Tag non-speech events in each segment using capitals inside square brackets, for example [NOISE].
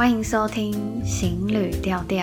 歡迎收聽《行旅調調》。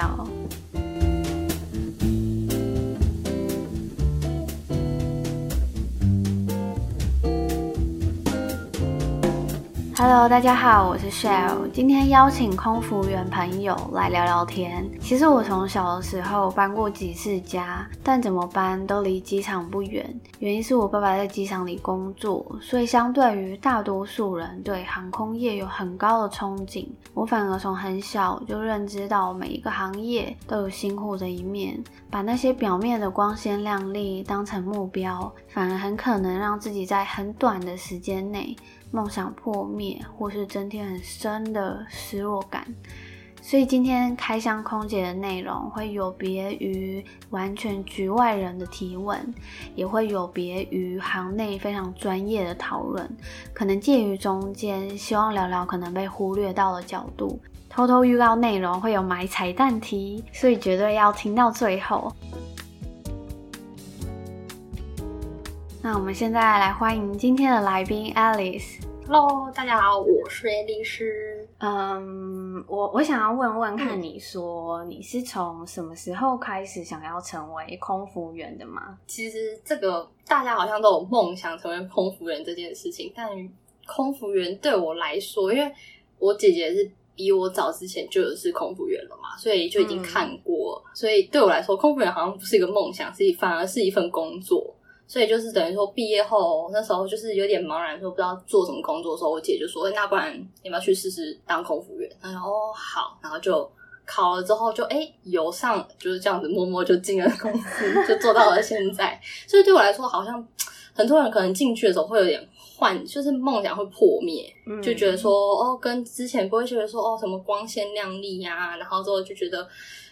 Hello，大家好，我是 Shell。今天邀請空服員朋友來聊聊天。其實我從小的時候搬過幾次家，但怎麼搬都離機場不遠。原因是我爸爸在機場裡工作，所以相對於大多數人對航空業有很高的憧憬，我反而從很小就認知到每一個行業都有辛苦的一面。把那些表面的光鮮亮麗當成目標，反而很可能讓自己在很短的時間內，夢想破滅，或是增添很深的失落感，所以今天開箱空姐的內容會有別於完全局外人的提問，也會有別於行內非常專業的討論，可能介於中間，希望聊聊可能被忽略到的角度。偷偷預告內容會有埋彩蛋題，所以絕對要聽到最後。那我們現在來歡迎今天的來賓 Alice。Hello，大家好，我是 Alice。嗯，um, 我我想要問問看，你說、嗯、你是從什麼時候開始想要成為空服員的嗎？其實這個大家好像都有夢想成為空服員這件事情，但空服員對我來說，因為我姐姐是比我早之前就是空服員了嘛，所以就已經看過，嗯、所以對我來說，空服員好像不是一個夢想，是一，反而是一份工作。所以就是等於說畢業後那時候就是有點茫然，說不知道做什麼工作的時候，我姐就說：“那不然要不要去試試當空服員。”她說：“哦，好。”然後就考了之後就誒由、欸、上就是這樣子，默默就進了公司，就做到了現在。 [LAUGHS] 所以對我來說，好像很多人可能進去的時候會有點幻，就是夢想會破滅，嗯、就覺得說哦，跟之前不會覺得說哦什麼光鮮亮麗啊，然後之後就覺得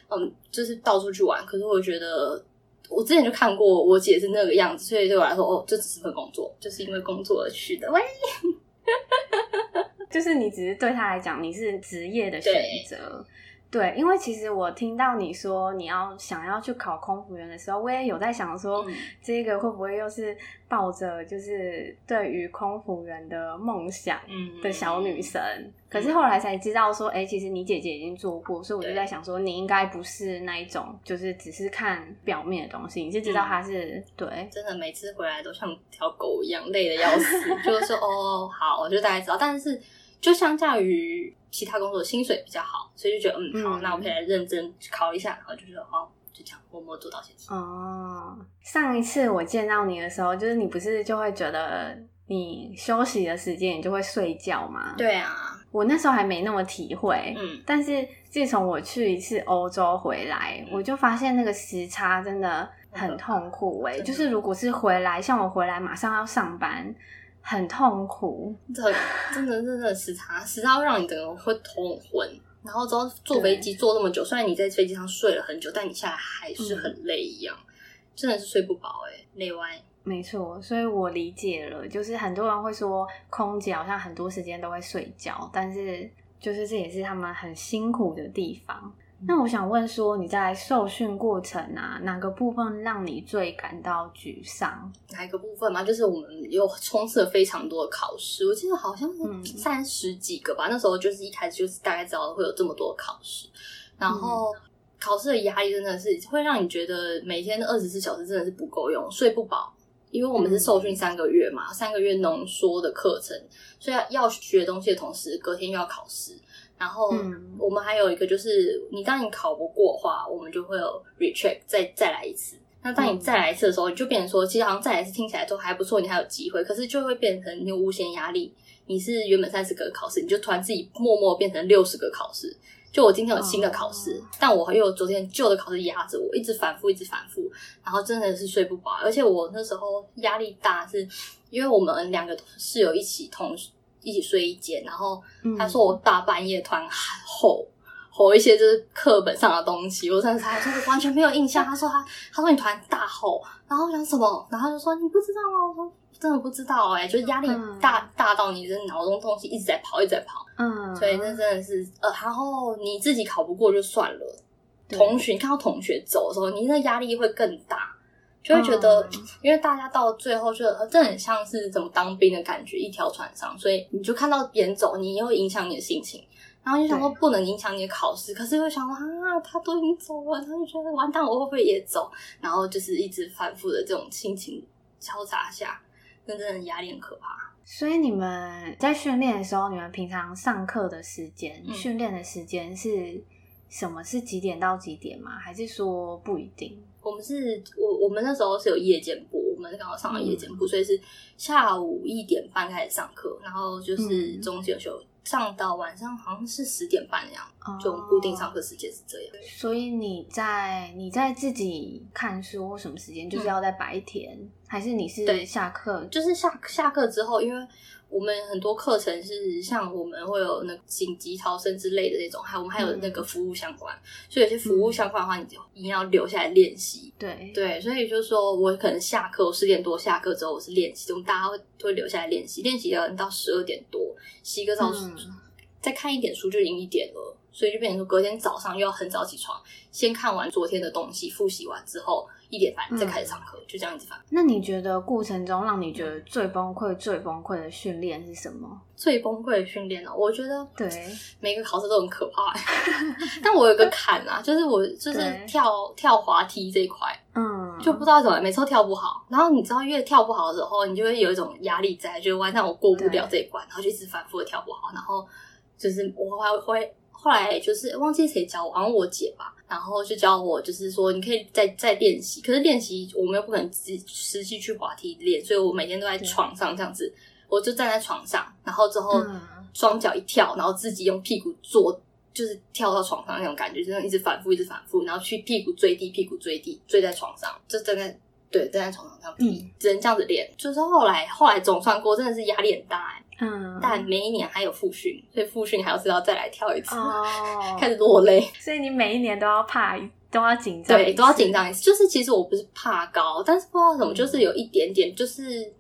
嗯，就是到處去玩。可是我覺得。我之前就看過我姐是那個樣子，所以對我來說，哦，這只是份工作，就是因為工作而去的。喂， [LAUGHS] 就是你只是對他來講，你是職業的選擇。對，因為其實我聽到你說你要想要去考空服員的時候，我也有在想說，嗯、這個會不會又是抱着就是對於空服員的夢想的小女生？嗯、可是後來才知道說，哎、嗯欸，其實你姐姐已經做過，所以我就在想說，對你應該不是那一種，就是只是看表面的東西，你就知道她是，嗯、對。真的每次回來都像條狗一樣累的要死， [LAUGHS] 就是說哦好，我就大概知道，但是。就相較於其他工作的薪水比較好，所以就覺得嗯好，那我可以來認真考一下，嗯、然後就覺得哦，就這樣默默做到現在哦。上一次我見到你的時候，就是你不是就會覺得你休息的時間你就會睡覺嗎？對啊，我那時候還沒那麼體會。嗯，但是自從我去一次歐洲回來，嗯、我就發現那個時差真的很痛苦哎、欸，的就是如果是回來，像我回來馬上要上班。很痛苦，這，真的真的，真的時差，時差會讓你整個人會頭昏，然後之後坐飛機坐那麼久，對雖然你在飛機上睡了很久，但你下來還是很累一樣，嗯、真的是睡不飽哎、欸，累歪沒錯，所以我理解了，就是很多人會說空姐好像很多時間都會睡覺，但是就是這也是他們很辛苦的地方。那我想問說，你在受訓過程啊，哪個部分讓你最感到沮喪？哪一個部分嗎？就是我們有衝刺了非常多的考試，我記得好像是三十幾個吧。嗯、那時候就是一開始就是大概知道會有這麼多考試，然後考試的壓力真的是會讓你覺得每天二十四小時真的是不夠用，睡不飽。因為我們是受訓三個月嘛，嗯、三個月濃縮的課程，所以要學東西的同時，隔天又要考試。然後我們還有一個就是，你當你考不過的話，我們就會有 recheck，再再來一次。那當你再來一次的時候，你就變成說，其實好像再來一次聽起來都還不錯，你還有機會。可是就會變成你有無限壓力。你是原本三十個考試，你就突然自己默默變成六十個考試。就我今天有新的考試，oh. 但我又昨天舊的考試壓着我，一直反覆，一直反覆，然後真的是睡不飽。而且我那時候壓力大，是因為我們兩個室友一起同。一起睡一間，然後他說我大半夜突然吼吼一些就是課本上的東西，我甚至還說我完全沒有印象， [LAUGHS] 他說他他說你突然大吼，然後講什麼，然後就說你不知道嗎？我說真的不知道、欸，哎，就是壓力大、嗯、大到你的腦中東西一直在跑，一直在跑，嗯，所以這真的是呃，然後你自己考不過就算了，對同學看到同學走的時候，你那壓力會更大。就會覺得，因為大家到最後覺得，這很像是怎麼當兵的感覺，一條船上，所以你就看到別人走，你也會影響你的心情。然後就想說，不能影響你的考試。對可是又想說，啊，他都已經走了，他就覺得完蛋，我會不會也走？然後就是一直反覆的這種心情敲打下，真的很壓力很可怕。所以你們在訓練的時候，你們平常上課的時間、訓練、嗯、的時間是什麼？是幾點到幾點嗎？還是說不一定？我們是，我，我們那時候是有夜間部，我們剛好上了夜間部，嗯、所以是下午一點半開始上課，然後就是中休休，上到晚上，好像是十點半這樣，嗯、就固定上課時間是這樣。哦、對所以你在你在自己看書什麼時間？就是要在白天，嗯、還是你是對，下課？就是下下課之後，因為。我們很多課程是像我們會有那緊急逃生之類的那種，還我們還有那個服務相關，嗯、所以有些服務相關的話，嗯、你就一定要留下來練習。對對，所以就是說我可能下課，我十點多下課之後我是練習，我們大家會會留下來練習，練習到到十二點多洗個澡，嗯、再看一點書就已經一點了，所以就變成說隔天早上又要很早起床，先看完昨天的東西，複習完之後。一點半再開始上課，嗯、就這樣子。那你覺得過程中讓你覺得最崩潰、最崩潰的訓練是什麼？最崩潰的訓練哦，我覺得對每個考試都很可怕、欸。對 [LAUGHS] 但我有個坎啊，就是我就是跳對 跳滑梯這一塊，嗯，就不知道怎麼每次都跳不好。然後你知道，越跳不好的時候，你就會有一種壓力在，就晚上我過不了這一關，對 然後就一直反覆的跳不好，然後就是我還會。後來就是忘記誰教我，然後我姐吧，然後就教我，就是說你可以再再練習。可是練習我們又不可能實實際去滑梯練，所以我每天都在床上這樣子，嗯、我就站在床上，然後之後雙腳一跳，然後自己用屁股坐，就是跳到床上那種感覺，就樣、嗯、一直反覆，一直反覆，然後去屁股墜地，屁股墜地墜在床上，就站在對站在床上上，嗯，只能這樣子練。就是後來後來總算過，真的是壓力很大哎、欸。嗯，但每一年還有複訓，所以複訓還要是要再來跳一次，哦、開始落淚。所以你每一年都要怕，都要緊張，對，都要緊張一次。就是其實我不是怕高，但是不知道怎麼，嗯、就是有一點點，就是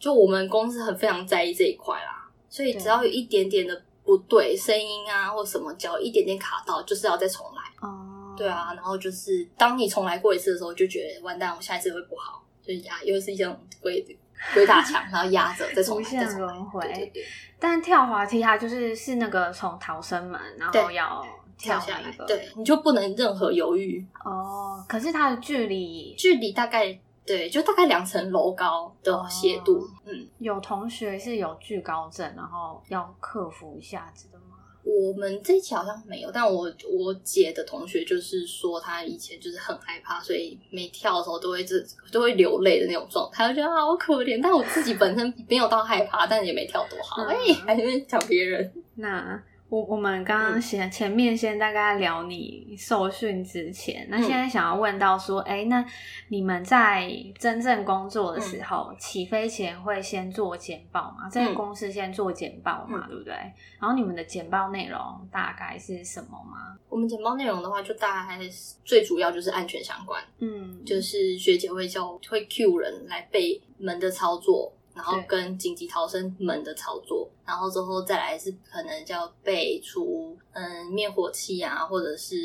就我們公司很非常在意這一塊啦。所以只要有一點點的不對，聲音啊或什麼，只要一點點卡到，就是要再重來。哦，對啊，然後就是當你重來過一次的時候，就覺得完蛋，我下一次會不好。就是呀又是一種規律。鬼打牆，然後壓着，這種，再輪迴。但跳滑梯，它就是是那個從逃生門，然後要跳下一個，對，你就不能任何猶豫哦。可是它的距離，距離大概對，就大概兩層樓高的斜度。哦、嗯，有同學是有懼高症，然後要克服一下子的。我們這一期好像沒有，但我我姐的同學就是說，他以前就是很害怕，所以每跳的時候都會這都會流淚的那種狀態，我覺得好可憐。但我自己本身沒有到害怕， [LAUGHS] 但也沒跳多好。哎、 [LAUGHS] 欸，還在那邊講別人那。我我們剛剛先前面先大概聊你受訓之前，嗯、那現在想要問到說，哎，那你們在真正工作的時候，嗯、起飛前會先做簡報嗎？在、這個、公司先做簡報嘛，嗯、對不對？然後你們的簡報內容大概是什麼嗎？我們簡報內容的話，就大概還是最主要就是安全相關，嗯，就是學姐會就會 cue 人來背門的操作。然後跟緊急逃生門的操作，對然後之後再來是可能叫背出嗯滅火器啊，或者是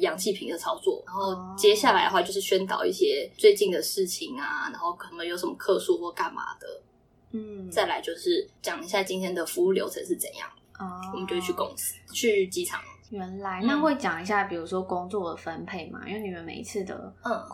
氧氣瓶的操作。然後接下來的話就是宣導一些最近的事情啊，然後可能有什麼客訴或幹嘛的。嗯，再來就是講一下今天的服務流程是怎樣啊，哦、我們就去公司去機場。原來、嗯、那會講一下，比如說工作的分配嗎？因為你們每一次的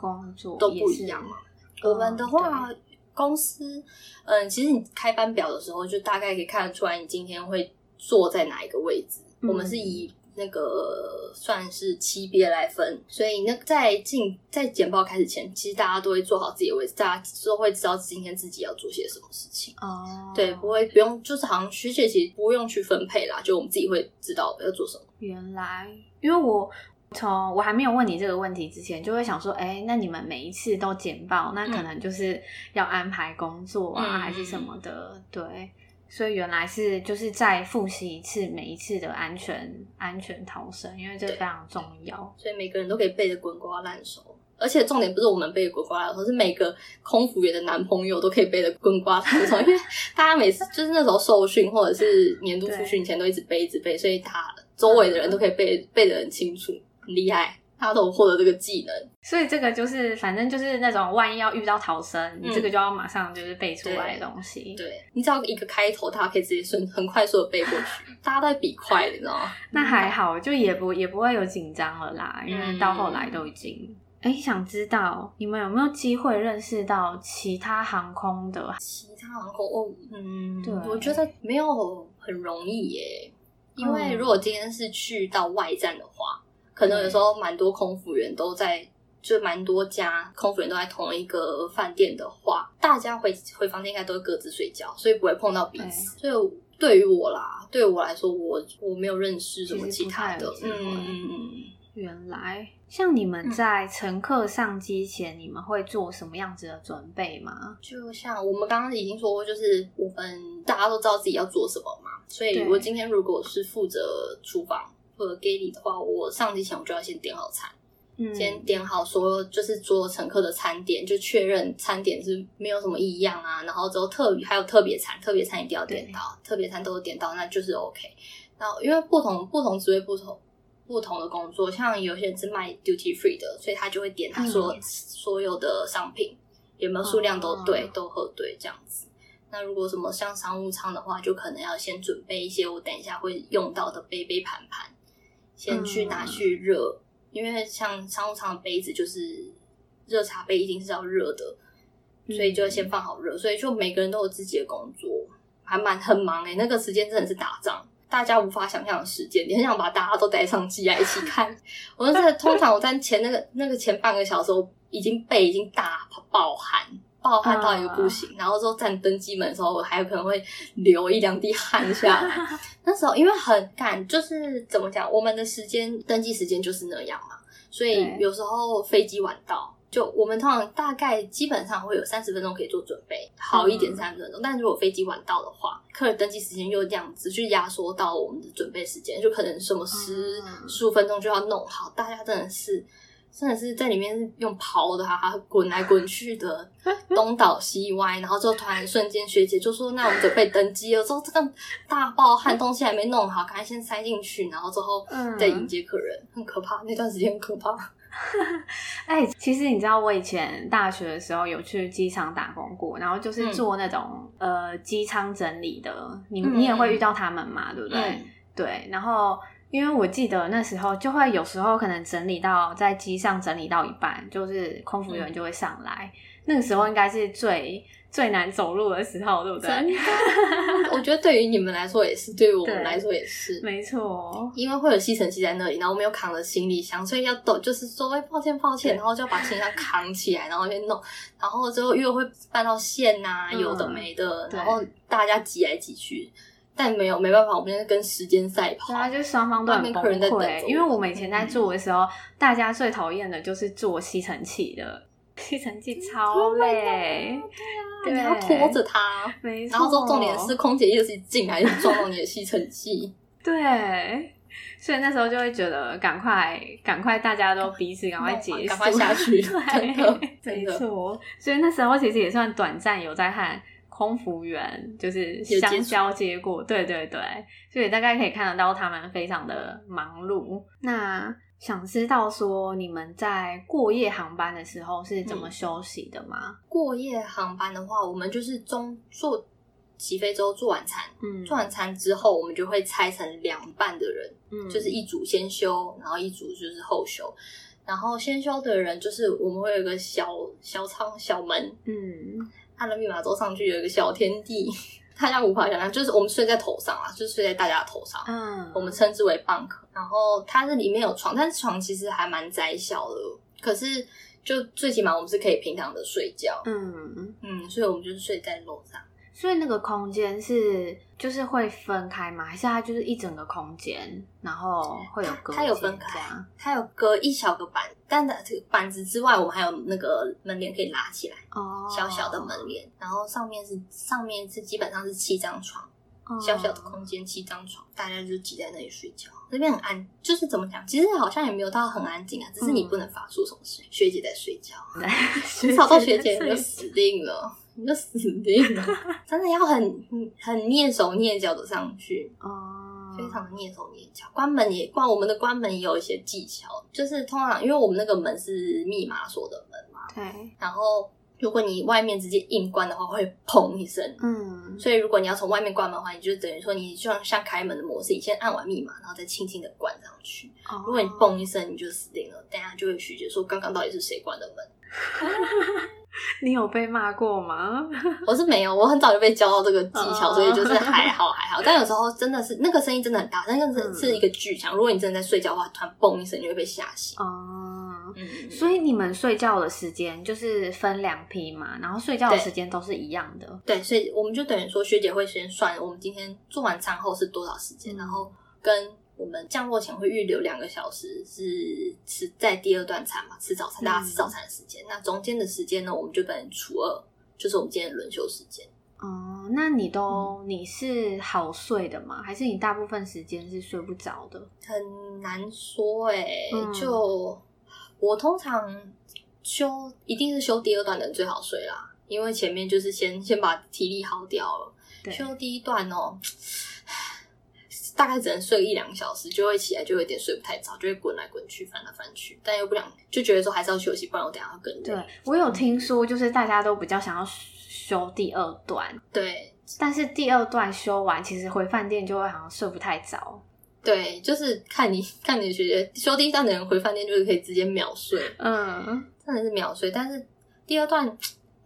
工作、嗯、是都不一樣嘛。我們、嗯、的話。哦公司，嗯，其實你開班表的時候，就大概可以看得出來你今天會坐在哪一個位置。嗯、我們是以那個算是級別來分，所以那在進在簡報開始前，其實大家都會做好自己的位置，大家都會知道今天自己要做些什麼事情哦，對，不會不用，就是好像學姐其實不用去分配啦，就我們自己會知道要做什麼。原來，因為我。從我還沒有問你這個問題之前，就會想說，哎，那你們每一次都簡報，那可能就是要安排工作啊，嗯、還是什麼的？對，所以原來是就是再複習一次每一次的安全安全逃生，因為這非常重要，所以每個人都可以背得滾瓜爛熟。而且重點不是我們背着滾瓜爛熟，是每個空服員的男朋友都可以背得滾瓜爛熟，因為大家每次就是那時候受訓或者是年度複訓前都一直背對一直背，所以他周圍的人都可以背、嗯、背得很清楚。厲害，他都獲得這個技能，所以這個就是反正就是那種萬一要遇到逃生，嗯、你這個就要馬上就是背出來的東西。對，對，你只要一個開頭，他可以直接順很快速的背過去。 [LAUGHS] 大家都會比快，你知道嗎？那還好，就也不、嗯、也不會有緊張了啦。因為到後來都已經哎、嗯欸，想知道你們有沒有機會認識到其他航空的其他航空哦？嗯，對，我覺得沒有很容易耶，因為如果今天是去到外站的話。嗯可能有時候蠻多空服員都在，嗯、就蠻多家空服員都在同一個飯店的話，大家回回房間應該都會各自睡覺，所以不會碰到彼此。嗯、所以對於我啦，對於我來說我，我我沒有認識什麼其他的。嗯嗯嗯。嗯嗯，原來，像你們在乘客上機前，嗯、你們會做什麼樣子的準備嗎？就像我們剛剛已經說過，就是我們大家都知道自己要做什麼嘛。所以，我今天如果是負責廚房。或者 galley 的話，我上機前我就要先點好餐，嗯、先點好所有就是做乘客的餐點，就確認餐點是沒有什麼異樣啊。然後之後特別還有特別餐，特別餐一定要點到，嗯、特別餐都點到，那就是 OK。然後因為不同不同職位不同不同的工作，像有些人是賣 duty free 的，所以他就會點他說、嗯、所有的商品有沒有數量都對哦，哦，都核對這樣子。那如果什麼像商務艙的話，就可能要先準備一些我等一下會用到的杯，嗯、杯盤盤。先去拿去熱，嗯、因為像商務艙的杯子就是熱茶杯，一定是要熱的，嗯、所以就要先放好熱。所以就每個人都有自己的工作，還蠻很忙誒、欸、那個時間真的是打仗，大家無法想象的時間，你很想把大家都帶上機來一起看。 [LAUGHS] 我說是通常我在前那個那個前半個小時，我已經背已經大爆汗。冒汗、嗯、到一個不行，然後之後站登機門的時候我還可能會流一兩滴汗下來。 [LAUGHS] 那時候因為很趕，就是怎麼講，我們的時間登機時間就是那樣嘛，所以有時候飛機晚到，對就我們通常大概基本上會有三十分鐘可以做準備，好一點三十分鐘。嗯、但如果飛機晚到的話，客人登機時間又這樣子，子去壓縮到我們的準備時間，就可能什麼十十五、嗯、分鐘就要弄好，大家真的是。真的是在裡面用刨的，啊、哈，滾來滾去的， [LAUGHS] 東倒西歪，然後就突然瞬間，學姐就說：“那我們準備登機了。”之後這個大爆汗東西還沒弄好，趕快先塞進去，然後之後嗯，再迎接客人，嗯、很可怕。那段時間很可怕。哎 [LAUGHS] 欸，其實你知道，我以前大學的時候有去機場打工過，然後就是做那種、嗯、呃機艙整理的。你你也會遇到他們嘛，嗯、對不對？嗯、對，然後。因為我記得那時候就會有時候可能整理到在機上整理到一半，就是空服員就會上來。嗯、那個時候應該是最、嗯、最難走路的時候，對不對？的 [LAUGHS] 我覺得對於你們來說也是，對於我們來說也是。沒錯對，因為會有吸塵器在那裡，然後我們又扛着行李箱，所以要抖，就是說，哎、欸，抱歉，抱歉，然後就要把行李箱扛起來，對然後去弄，然後之後又會絆到線吶、啊，有的沒的，嗯、然後大家擠來擠去。但沒有沒辦法，我們現在跟時間賽跑。對啊，就是雙方都很崩潰。因為我們以前在做的時候，大家最討厭的就是做吸塵器的，吸塵器超累，你要拖着它。沒錯。然後重點是，空姐又是進還是妝容也吸塵器？對。所以那時候就會覺得，趕快趕快，大家都彼此趕快結束下去。對的，真的。所以那時候其實也算短暫有在看。空服員就是先交接過。對對對，所以大概可以看得到他們非常的忙碌。那想知道說，你們在過夜航班的時候是怎麼休息的嗎？過夜航班的話，我們就是中坐起飛之後做晚餐，嗯，做完餐之後，我們就會拆成兩半的人，嗯，就是一組先休，然後一組就是後休，然後先休的人就是我們會有一個小小艙小門，嗯。他的按了密碼走上去有一個小天地，大家無法想象，就是我們睡在頭上啊，就是睡在大家的頭上，嗯，我們稱之為 bunk。然後它這裡面有床，但是床其實還蠻窄小的，可是就最起碼我們是可以平躺的睡覺，嗯嗯，所以我們就是睡在樓上，所以那個空間是。就是會分開嗎？還是它就是一整個空間，然後會有隔，它有分開啊，這樣？它有隔一小個板，但這個板子之外，我們還有那個門簾可以拉起來，oh, 小小的門簾，然後上面是上面是基本上是七張床，oh. 小小的空間，七張床，大家就擠在那裡睡覺，那邊很安，就是怎麼講，其實好像也沒有到很安靜啊，只是你不能發出什麼聲，嗯，學姐在睡覺，吵到 [LAUGHS] 學姐就死定了。 [LAUGHS] [LAUGHS] [LAUGHS] 你就死定了，真的要很很躡手躡腳的上去啊，嗯、非常的躡手躡腳。關門也關，我們的關門也有一些技巧，就是通常因為我們那個門是密碼鎖的門嘛，對。然後如果你外面直接硬關的話，會砰一聲，嗯。所以如果你要從外面關門的話，你就等於說你就像像開門的模式，你先按完密碼，然後再輕輕的關上去。哦、如果你砰一聲，你就死定了，大家就會拒絕說剛剛到底是誰關的門。 [LAUGHS] 你有被罵過嗎？我是沒有，我很早就被教到這個技巧，oh. 所以就是還好還好。但有時候真的是那個聲音真的很大，那個是，是一個巨響。如果你真的在睡覺的話，突然嘣一聲，就會被嚇醒哦。Oh. 嗯、所以你們睡覺的時間就是分兩批嘛，然後睡覺的時間都是一樣的。對，對，所以我們就等於說，學姐會先算我們今天做完餐後是多少時間，然後跟。我們降落前會預留兩個小時，是吃在第二段餐嘛？吃早餐，大家吃早餐的時間。嗯、那中間的時間呢？我們就等於除二，就是我們今天的輪休時間。哦、嗯，那你都、嗯、你是好睡的嗎？還是你大部分時間是睡不着的？很難說哎、欸，嗯、就我通常休一定是休第二段的人最好睡啦，因為前面就是先先把體力耗掉了。休對第一段哦、喔。大概只能睡一兩個小時，就會起來就會有點睡不太著，就會滾來滾去翻來翻去，但又不想就覺得說還是要休息，不然我等下要更累。對，嗯、我有聽說就是大家都比較想要休第二段，對，但是第二段休完其實回飯店就會好像睡不太著。對，就是看你看你學姐休第一段的人回飯店就是可以直接秒睡，嗯，真的是秒睡。但是第二段我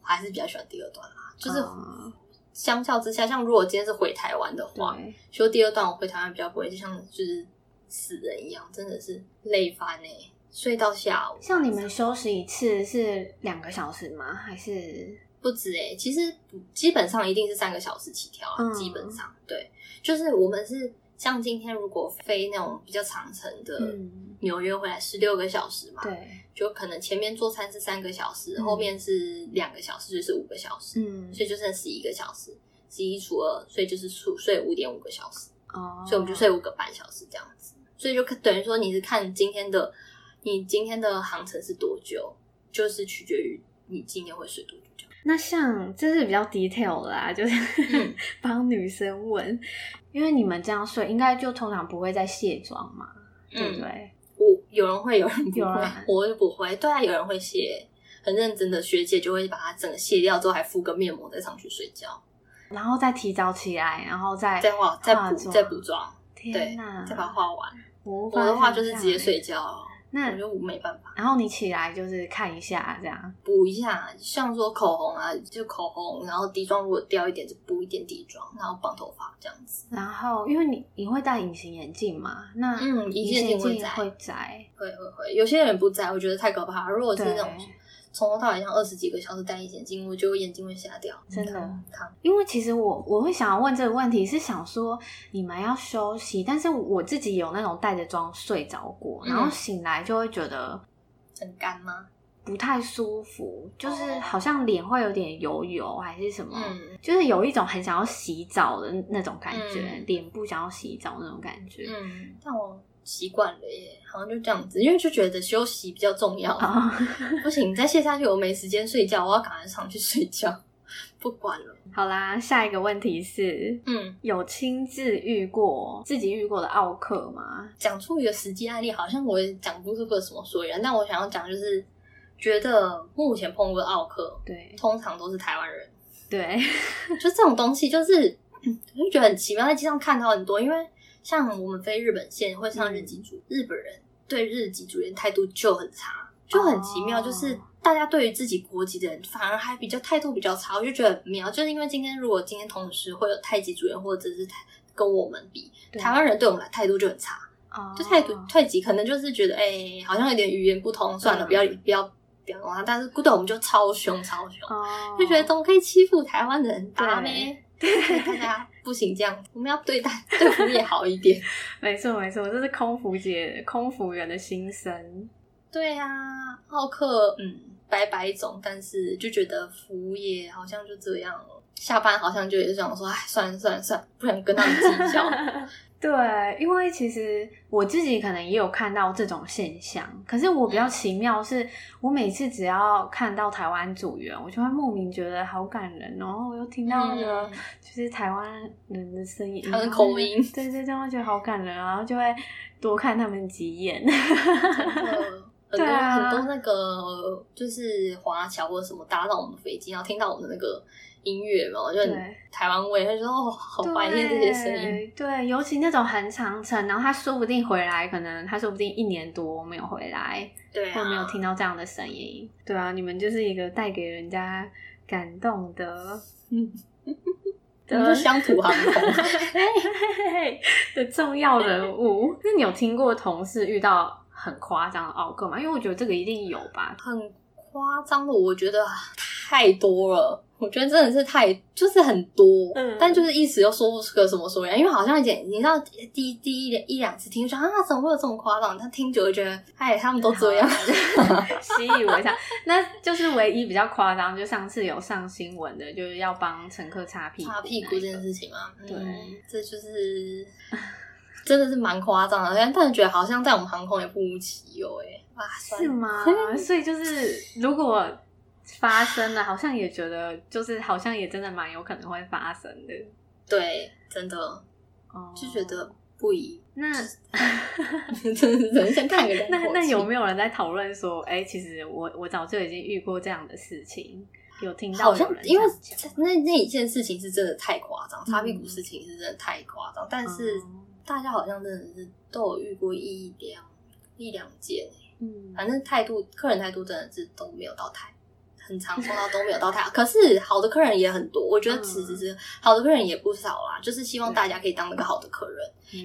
還是比較喜歡第二段啦，就是。嗯相較之下，像如果今天是回台灣的話，說對第二段我回台灣比較貴，就像就是死人一樣，真的是累翻哎、欸，睡到下午。像你們休息一次是兩個小時嗎？還是不止哎、欸？其實基本上一定是三個小時起跳，嗯、基本上對，就是我們是。像今天如果飛那種比較長程的，紐約回來十六個小時嘛？嗯、對，就可能前面做餐是三個小時，嗯、後面是兩個小時，就是五個小時。嗯，所以就剩十一個小時，十一除二，所以就是睡五點五個小時。哦，所以我們就睡五個半小時這樣子。所以就等於說你是看今天的，你今天的航程是多久，就是取決於你今天會睡多久。那像這是比較 detail 啦、啊，就是幫、嗯、 [LAUGHS] 女生問。因為你們這樣睡，應該就通常不會再卸妝嘛，對不對？我、嗯、有人會，有人會，有人我也不會。對，有人會卸，很認真的學姐就會把它整個卸掉之後，還敷個面膜再上去睡覺，然後再提早起來，然後再再畫，再補再補妝，補妝哪對，再把它畫完。會我的話就是直接睡覺。那你就沒辦法。然後你起來就是看一下這樣，補一下，像說口紅啊，就口紅，然後底妝如果掉一點就補一點底妝，然後綁頭髮這樣子。然後因為你你會戴隱形眼鏡嘛，那嗯，隱形眼鏡會摘，嗯，隱形眼鏡會摘，會會會。有些人不摘，我覺得太可怕。如果是那種。從頭到尾像二十幾個小時戴眼鏡，我覺得我眼睛會瞎掉。真的，因為其實我我會想要問這個問題，是想說你們要休息，但是我自己有那種帶着妝睡着過，嗯、然後醒來就會覺得很乾嗎？不太舒服，就是好像臉會有點油油，嗯、還是什麼，嗯、就是有一種很想要洗澡的那種感覺，臉、嗯、部想要洗澡的那種感覺。嗯，但我。習慣了耶，好像就這樣子，因為就覺得休息比較重要。Oh. [LAUGHS] 不行，你再卸下去，我沒時間睡覺，我要趕快上去睡覺。不管了。好啦，下一個問題是，嗯，有親自遇過自己遇過的奧客嗎？講出一個實際案例。好像我也講不出個什麼所以然，但我想要講，就是覺得目前碰過的奧客，對，通常都是台灣人，對， [LAUGHS] 就這種東西，就是我就覺得很奇妙，在機上看到很多，因為。像我們飛日本線，會上日籍組、嗯、日本人對日籍組員態度就很差，就很奇妙。就是大家對於自己國籍的人，反而還比較態度比較差。我就覺得很妙，就是因為今天如果今天同時會有泰籍組員或者是跟我們比，對台灣人對我們的態度就很差，對就態度退極，可能就是覺得哎，好像有點語言不通，算了，對不要不要不要弄啊，但是對我們就超凶超凶，對就覺得總可以欺負台灣人，對沒妹？對大 [LAUGHS] 不行，這樣我們要對待對服務業好一點。 [LAUGHS] 沒錯，沒錯，這是空服姐、空服員的心聲。對啊，好客，嗯，白白總，但是就覺得服務業好像就這樣了。下班好像就也是想說，哎，算了算了算了，不想跟他們計較。 [LAUGHS] 對，因為其實我自己可能也有看到這種現象，可是我比較奇妙是，嗯、我每次只要看到台灣組員我就會莫名覺得好感人，哦，然後我又聽到那個就是台灣人的聲音，很口音，對對對，我覺得好感人，然後就會多看他們幾眼。 [LAUGHS] 很多很多那個就是華僑或者什麼搭到我們飛機，然後聽到我們那個。音樂嘛，我就很台灣味，他對說我很懷念這些聲音。對，尤其那種很長程，然後他說不定回來，可能他說不定一年多沒有回來，對、啊，或沒有聽到這樣的聲音。對啊，你們就是一個帶給人家感動的，嗯，的鄉土航空 [LAUGHS] 的重要人物。那你有聽過同事遇到很誇張的奧客嗎？因為我覺得這個一定有吧，很誇張的，我覺得太多了。我覺得真的是太就是很多，嗯、但就是一時又說不出個什麼說來，因為好像簡你知道第一第一第一兩次聽說啊，怎麼會有這麼誇張？他聽就會覺得哎，他們都這樣，引我一下。那就是唯一比較誇張， [LAUGHS] 就上次有上新聞的，就是要幫乘客擦屁股擦屁股這件事情嘛。對、嗯，這就是真的是蠻誇張的，但但覺得好像在我們航空也無奇不有哎、欸，哇，是嗎？ [LAUGHS] 所以就是如果。發生了，好像也覺得，就是好像也真的蠻有可能會發生的。對，真的，嗯、就覺得不疑。那人人生太難。那那有沒有人在討論說，哎、欸，其實我我早就已經遇過這樣的事情。有聽到有人？好像因為那那一件事情是真的太誇張，擦屁股事情是真的太誇張。嗯、但是、嗯、大家好像真的是都有遇過一兩一兩件。嗯，反正態度，客人態度真的是都沒有到台。很長，從到都沒有到他，可是好的客人也很多。我覺得其實是好的客人也不少啦，啊，就是希望大家可以當那個好的客人，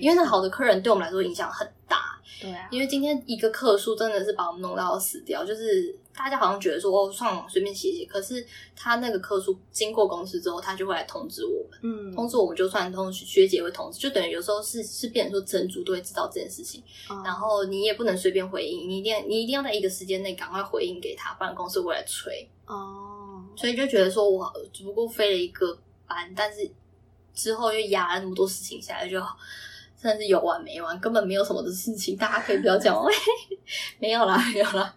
因為那好的客人對我們來說影響很大。對、啊，因為今天一個客訴真的是把我們弄到死掉，就是大家好像覺得說哦，算了，隨便寫寫，可是他那個客訴經過公司之後，他就會來通知我們，嗯，通知我們就算通知學姐會通知，就等於有時候是是變成說整組都會知道這件事情，嗯、然後你也不能隨便回應，你一定要你一定要在一個時間內趕快回應給他，不然公司會來催哦，嗯、所以就覺得說我只不過飛了一個班，但是之後又壓了那麼多事情下來就。好。真的是有完沒完，根本沒有什麼的事情，大家可以不要講哦。 [LAUGHS] 沒有啦，沒有啦，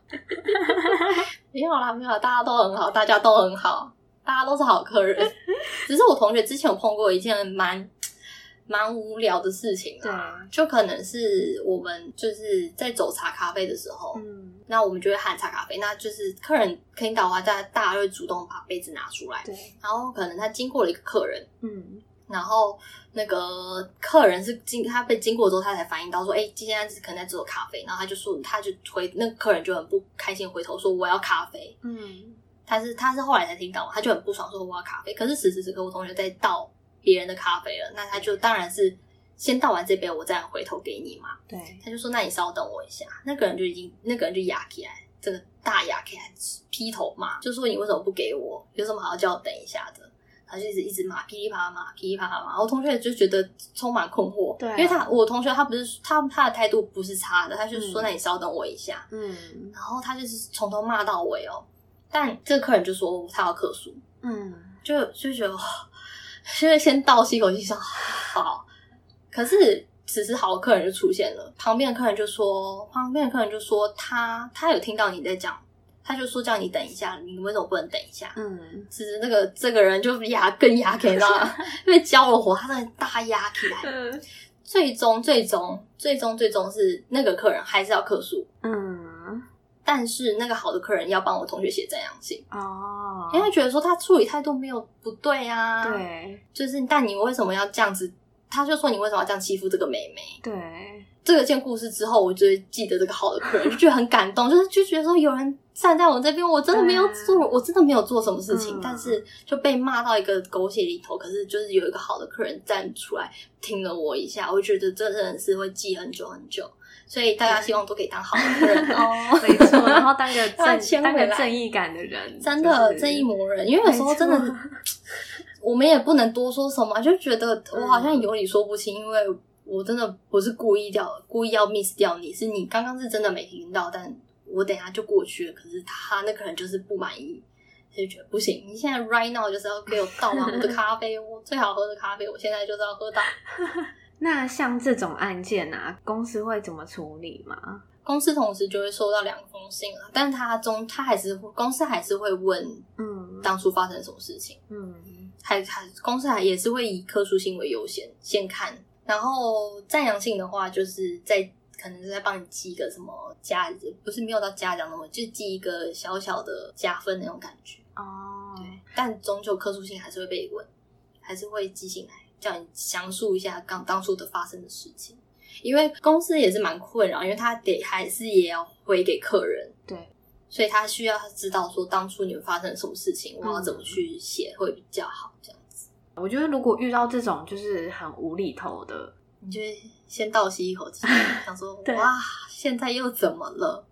[LAUGHS] 沒有啦，沒有啦。大家都很好，大家都很好，大家都是好客人。 [LAUGHS] 只是我同學之前有碰過一件蠻蠻無聊的事情，對啊，就可能是我們就是在走茶咖啡的時候，嗯，那我們就會喊茶咖啡，那就是客人聽到的話，大家大家會主動把杯子拿出來，對，然後可能他經過了一個客人，嗯。然後那個客人是經他被經過之後，他才反應到說：“哎、欸，今天是可能在做咖啡。”然後他就說：“他就回，那個客人就很不開心，回頭說我要咖啡。”嗯，他是他是後來才聽到，他就很不爽說我要咖啡。可是此時此刻，我同學在倒別人的咖啡了，那他就當然是先倒完這杯，我再回頭給你嘛。對，他就說：“那你稍等我一下。”那個人就已經那個人就牙起來，這個大牙起來劈頭罵，就說：“你為什麼不給我？有什麼好像叫我等一下的？”他就一直一直罵，噼里啪啦罵，噼里啪啦罵。我同學就覺得充滿困惑，對，因為他我同學他不是他他的態度不是差的，他就說，嗯，那你稍等我一下，嗯，然後他就是從頭罵到尾哦。但這個客人就說他要客訴，嗯，就就覺得因為先倒吸一口氣說好，好，可是此時好的客人就出現了，旁邊的客人就說，旁邊的客人就說他他有聽到你在講。他就說：“叫你等一下，你為什麼不能等一下？”嗯，其實那個這個人就壓根壓氣，你知道嗎？ [LAUGHS] 因為交了火，他在大壓起來。嗯，最終，最終，最終，最終，最終是那個客人還是要客訴。嗯，但是那個好的客人要幫我同學寫讚揚信哦。因為覺得說他處理態度沒有不對啊。對，就是但你為什麼要這樣子？他就說你為什麼要這樣欺負這個妹妹？對，這個件故事之後，我就會記得這個好的客人，就覺得很感動，就是 [LAUGHS] 就覺得說有人。站在我這邊，我真的沒有做，嗯、我真的沒有做什麼事情，嗯、但是就被罵到一個狗血淋頭。可是就是有一個好的客人站出來挺了我一下，我覺得這真的是會記很久很久。所以大家希望都可以當好的客人、嗯、哦，呵呵沒錯，然後當個正，回當個正義感的人，真的正義、就是、魔人。因為有時候真的、啊，我們也不能多說什麼，就覺得我好像有理說不清，嗯、因為我真的不是故意掉，故意要 miss 掉你，是你剛剛是真的沒聽到，但。我等下就過去了，可是他那個人就是不滿意，他就覺得不行。你現在 right now 就是要給我倒滿我的咖啡， [LAUGHS] 我最好喝的咖啡，我現在就是要喝到。 [LAUGHS] 那像這種案件啊，公司會怎麼處理嗎？公司同時就會收到兩封信了、啊，但他中他還是公司還是會問，嗯，當初發生什麼事情？嗯，嗯還還公司還也是會以客訴信為優先先看，然後讚揚信的話就是在。可能是在幫你記一個什麼加，不是沒有到家長那麼，就記一個小小的加分的那種感覺哦。Oh. 對，但終究客訴性還是會被問，還是會寄進來叫你詳述一下剛當初的發生的事情。因為公司也是蠻困擾，因為他得還是也要回給客人，對，所以他需要知道說當初你們發生什麼事情，我要怎麼去寫、嗯、會比較好這樣子。我覺得如果遇到這種就是很無厘頭的。你就先倒吸一口氣，想說：“哇，現在又怎麼了？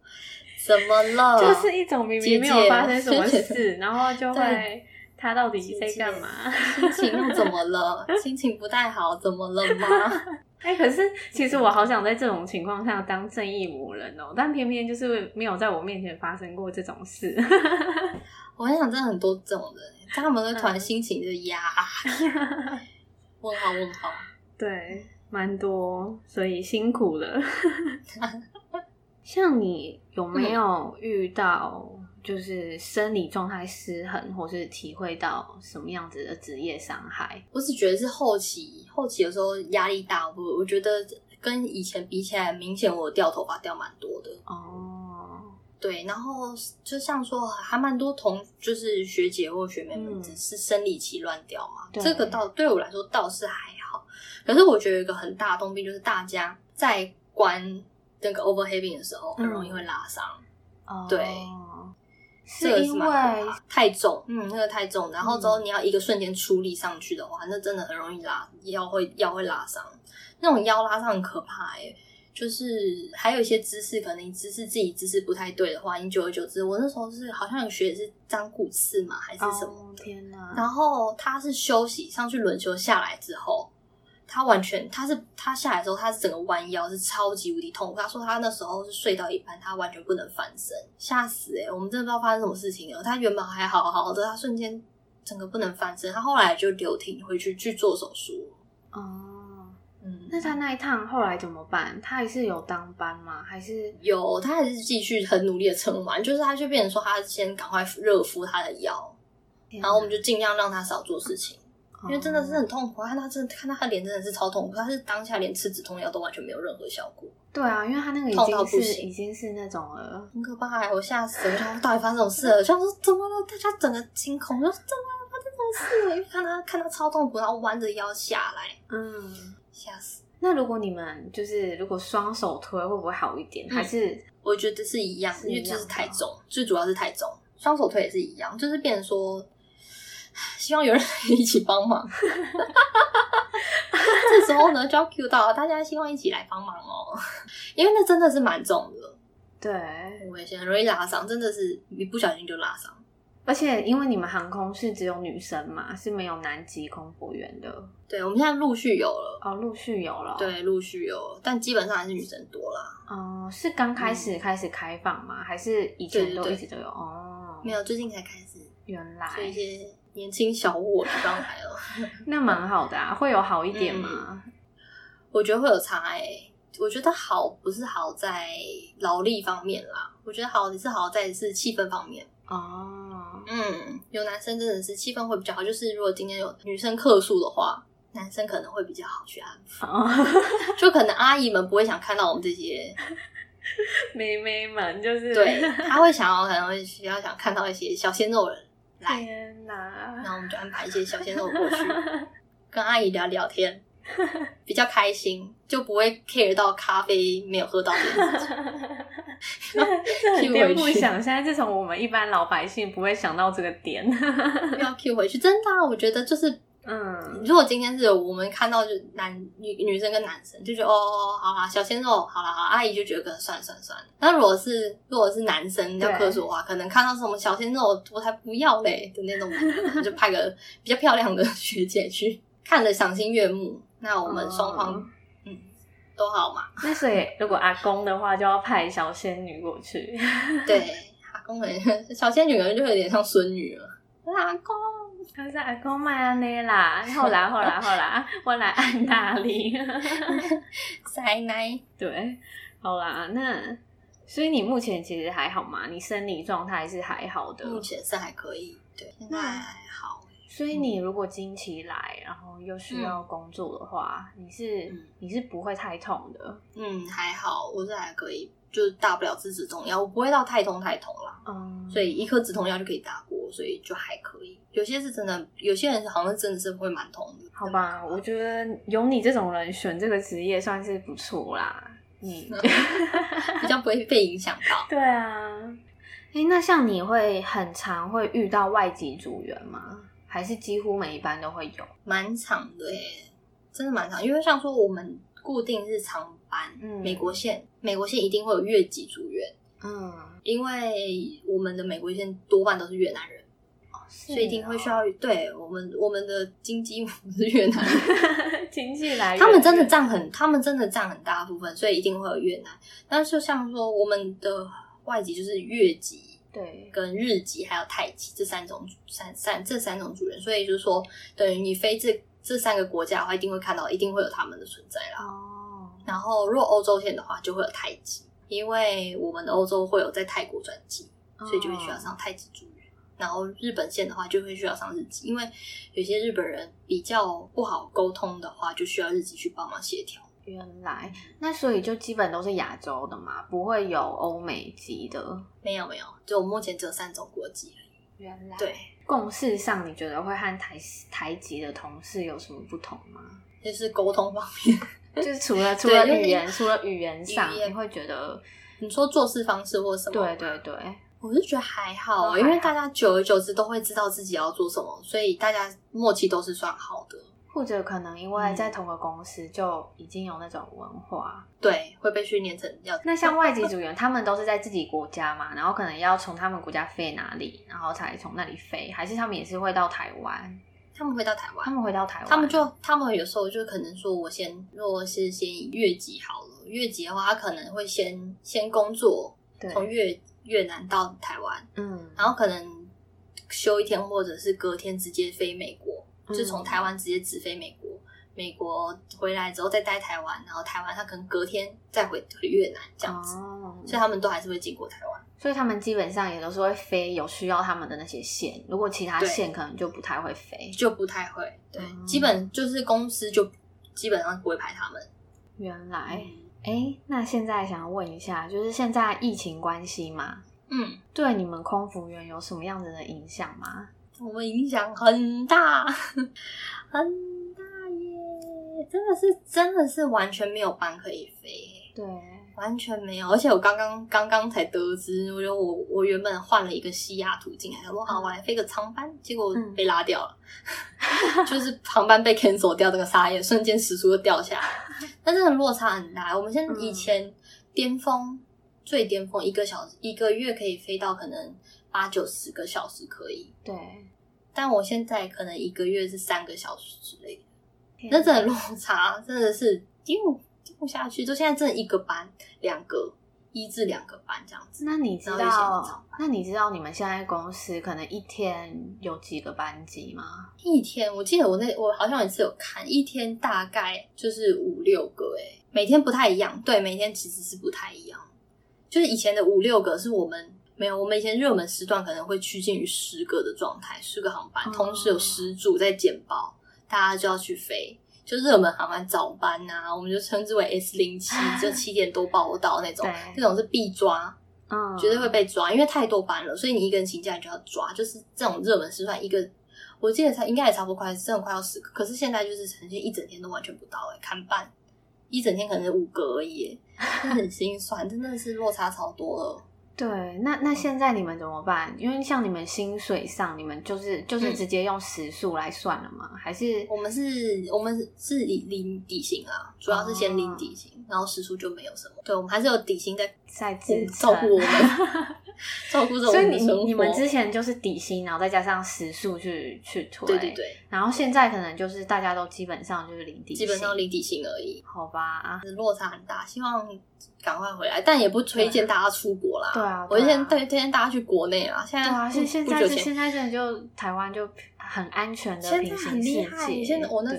怎麼了？就是一種明明沒有發生什麼事，然後就會他到底在幹嘛？心情又怎麼了？心情不太好，怎麼了嗎？”哎，可是其實我好想在這種情況下當正義魔人哦，但偏偏就是沒有在我面前發生過這種事。我很想，真的很多這種人，他們的團心情就壓，問號問號，對。蠻多，所以辛苦了。 [LAUGHS] [LAUGHS] 像你有沒有遇到就是生理狀態失衡，或是體會到什麼樣子的職業傷害？我只覺得是後期，後期有時候壓力大，我我覺得跟以前比起來，明顯我掉頭髮掉蠻多的。哦、嗯，對，然後就像說，還蠻多同就是學姐或學妹們只是生理期亂掉嘛？嗯、這個倒對我來說倒是還。可是我覺得有一個很大的通病，就是大家在關那個 overhead 的時候，很容易會拉傷。嗯、對，哦、這個是蠻可怕，因為太重，嗯，那個太重，然後之後你要一個瞬間出力上去的話，嗯、那真的很容易拉腰會，會腰會拉傷。嗯、那種腰拉傷很可怕誒、欸。就是還有一些姿勢，可能你姿勢自己姿勢不太對的話，你久而久之，我那時候是好像有學的是長骨刺嘛，還是什麼、哦？天哪！然後他是休息上去輪休下來之後。他完全，他是他下來的時候，他是整個彎腰，是超級無敵痛苦。他說他那時候是睡到一半，他完全不能翻身，嚇死哎、欸！我們真的不知道發生什麼事情了。他原本還好好的，他瞬間整個不能翻身，他後來就留停回去去做手術。哦，嗯，那他那一趟後來怎麼辦？他還是有當班嗎？還是有？他還是繼續很努力的撐完，就是他就變成說，他先趕快熱敷他的腰，哪然後我們就盡量讓他少做事情。因為真的是很痛苦，啊，看到真的看到他臉真的是超痛苦，他是當下連吃止痛藥都完全沒有任何效果。對啊，因為他那個已經是痛到不行，已經是那種了，很可怕，我嚇死了！我就想說到底發生什麼事了？我想 [COUGHS] 說怎麼了，大家整個驚恐？我說怎麼發生這種事了？因為看他看他超痛苦，然後彎着腰下來，嗯，嚇死。那如果你們就是如果雙手推會不會好一點？嗯，還是我覺得是一樣，一樣，因為就是太重，最，啊，主要是太重，雙手推也是一樣，就是變成說。希望有人可以一起幫忙。 [LAUGHS] [LAUGHS] 這時候呢，就要 Q 到大家，希望一起來幫忙哦，因為那真的是蠻重的，對，我也是很容易拉傷，真的是一不小心就拉傷。而且，因為你們航空是只有女生嘛，是沒有男空服員的。對，我們現在陸續有了哦，陸續有了，哦、陸續有了對，陸續有，但基本上還是女生多啦。哦，是剛開始開始開放嗎？嗯、還是以前都一直都有對對對哦？沒有，最近才開始。原來一些。年輕小我剛來了， [LAUGHS] 那蠻好的啊， [LAUGHS] 會有好一點嗎？嗯、我覺得會有差誒、欸。我覺得好不是好在勞力方面啦，我覺得好也是好在也是氣氛方面哦。Oh. 嗯，有男生真的是氣氛會比較好。就是如果今天有女生客訴的話，男生可能會比較好去安撫。Oh. [LAUGHS] 就可能阿姨們不會想看到我們這些 [LAUGHS] 妹妹們，就是對她會想要，可能會比較想看到一些小鮮肉人。來天哪！那我們就安排一些小鮮肉過去， [LAUGHS] 跟阿姨聊聊天，比較開心，就不會 care 到咖啡沒有喝到這件事情。哈哈哈哈哈，很顛覆想。 [LAUGHS] 現在，自從我們一般老百姓不會想到這個點，要 [LAUGHS] cue 回去，真的、啊，我覺得就是。嗯，如果今天是我們看到就男女女生跟男生，就覺得哦，哦，好好，啊，小鮮肉，好啦，啊，好，啊，阿姨就覺得跟算了算了算了。那如果是如果是男生要客訴的話，可能看到什麼小鮮肉，我才不要嘞的，嗯、那種， [LAUGHS] 就派個比較漂亮的學姐去看的賞心悅目。那我們雙方嗯都，嗯、好嘛。那所以如果阿公的話，就要派小仙女過去。 [LAUGHS] 對，阿公小仙女可能就會有點像孫女了。阿，啊，公。我在購買的啦，好啦好啦好啦，好啦，我來按哪裡？塞 [LAUGHS] 奶，對，好啦，那所以你目前其實還好嗎？你生理狀態是還好的，目前是還可以。對，那還好。所以你如果經期來，然後又需要工作的話，嗯、你是、嗯、你是不會太痛的。嗯，還好，我是還可以。就是大不了吃止痛藥，我不會到太痛太痛了，嗯、所以一顆止痛藥就可以打過，所以就還可以。有些是真的，有些人好像真的是會蠻痛的。好吧，好吧，我覺得有你這種人選這個職業算是不錯啦。嗯， [LAUGHS] 比較不會被影響到。對啊，哎、欸，那像你會很常會遇到外籍組員嗎？還是幾乎每一班都會有？蠻常的，欸，真的蠻常的，因為像說我們固定日常。嗯，美國線美國線一定會有越籍組員，嗯，因為我們的美國線多半都是越南人。哦哦、所以一定會需要，對，我們我們的金雞母是越南人，經濟來源。他們真的占很他們真的占很大部分，所以一定會有越南。但是就像說我們的外籍就是越籍，對，跟日籍還有泰籍這三種三三這三種組員，所以就是說等於你飛這這三個國家的話，一定會看到，一定會有他們的存在了。哦然後，若歐洲線的話，就會有泰籍，因為我們的歐洲會有在泰國轉機，所以就會需要上泰籍組員。哦、然後日本線的話，就會需要上日籍，因為有些日本人比較不好溝通的話，就需要日籍去幫忙協調。原來，那所以就基本都是亞洲的嘛，不會有歐美籍的。沒有，沒有，就我目前只有三種國籍。原來，對，共事上你覺得會和台台籍的同事有什麼不同嗎？就是溝通方面。就是除了除了語言，除了語言上，你也會覺得你說做事方式或什麼？對對對，我是覺得還好，因為大家久而久之都會知道自己要做什麼，所以大家默契都是算好的。或者可能因為在同個公司就已經有那種文化，對，會被訓練成要。那像外籍組員，他們都是在自己國家嘛，然後可能要從他們國家飛哪裡，然後才從那裡飛，還是他們也是會到台灣？他們回到台灣，他們回到台灣，他們就他們有時候就可能說，我先如果是先越級好了，越級的話，他可能會先先工作，從對越越南到台灣，嗯，然後可能休一天，或者是隔天直接飛美國，嗯、就從台灣直接直飛美國。美國回來之後再待台灣，然後台灣他可能隔天再回回越南這樣子，哦、所以他們都還是會經過台灣。所以他們基本上也都是會飛有需要他們的那些線，如果其他線可能就不太會飛，就不太會。對，嗯、基本就是公司就基本上不會排他們。原來，哎、欸，那現在想要問一下，就是現在疫情關係嘛，嗯，對你們空服員有什麼樣子的影響嗎？我們影響很大，很。欸、真的是，真的是完全沒有班可以飛。對，完全沒有。而且我剛剛剛剛才得知，我覺得我我原本換了一個西亞途徑，我說、嗯、好我來飛個長班，結果被拉掉了，嗯、 [LAUGHS] 就是航班被 cancel 掉，這個傻眼瞬間時數就掉下來。但是落差很大。我們現在以前巔峰最巔峰，嗯、峰一個小時，一個月可以飛到可能八九十個小時可以。對，但我現在可能一個月是三個小時之類的。真的落差真的是掉掉不下去，就現在只一個班兩個一至兩個班這樣子。那你知道，那你知道你們現在公司可能一天有幾個班級嗎？一天，我記得我那我好像也是有看，一天大概就是五六個誒，每天不太一樣。對，每天其實是不太一樣，就是以前的五六個是我們沒有，我們以前熱門時段可能會趨近於十個的狀態，十個航班同時有十組在簡報。嗯大家就要去飛，就熱門航班早班啊，我們就稱之為 S 零七，就七點多報到那種， [LAUGHS] 對那種是必抓，oh. 絕對會被抓，因為太多班了，所以你一個人請假你就要抓，就是這種熱門時段一個，我記得差應該也差不多快，這種快要十個，可是現在就是呈現一整天都完全不到、欸，誒看辦，一整天可能是五個而已、欸， [LAUGHS] 就很心酸，真的是落差超多了。對，那那現在你們怎麼辦？嗯、因為像你們薪水上，你們就是就是直接用時數來算了嗎？嗯、還是我們是我們是以領底薪啊，主要是先領底薪，哦、然後時數就沒有什麼。對我們還是有底薪在在照顧我們。 [LAUGHS] 照顧着我們的生活你你，你們之前就是底薪然後再加上時速去去推？對對對。然後現在可能就是大家都基本上就是零底，基本上零底薪而已。好吧，啊、落差很大。希望趕快回來，但也不推薦大家出國啦。對啊，我以前推推薦大家去國內啊。現在啊，現現在現在真的就台灣就很安全的。現在很厲害。現在我那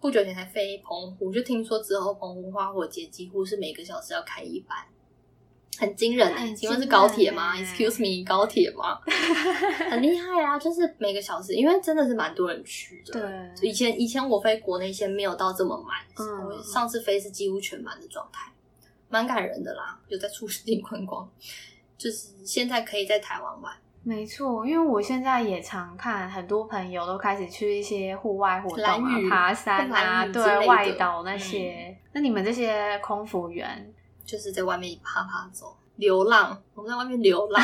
不久前還飛澎湖，對就聽說之後澎湖花火節幾乎是每個小時要開一班。很驚人哎、欸欸，請問是高鐵嗎的、欸、？Excuse me，高鐵嗎？ [LAUGHS] 很厲害啊！就是每個小時，因為真的是蠻多人去的。對，以前以前我飛國內線沒有到這麼滿，我上次飛是幾乎全滿的狀態，蠻、嗯嗯嗯、感人的啦。有在出識地觀光，就是現在可以在台灣玩，沒錯，因為我現在也常看，很多朋友都開始去一些戶外活動啊，雨爬山啊，對，外島那些。嗯、那你們這些空服員？就是在外面一趴趴走、流浪，我們在外面流浪，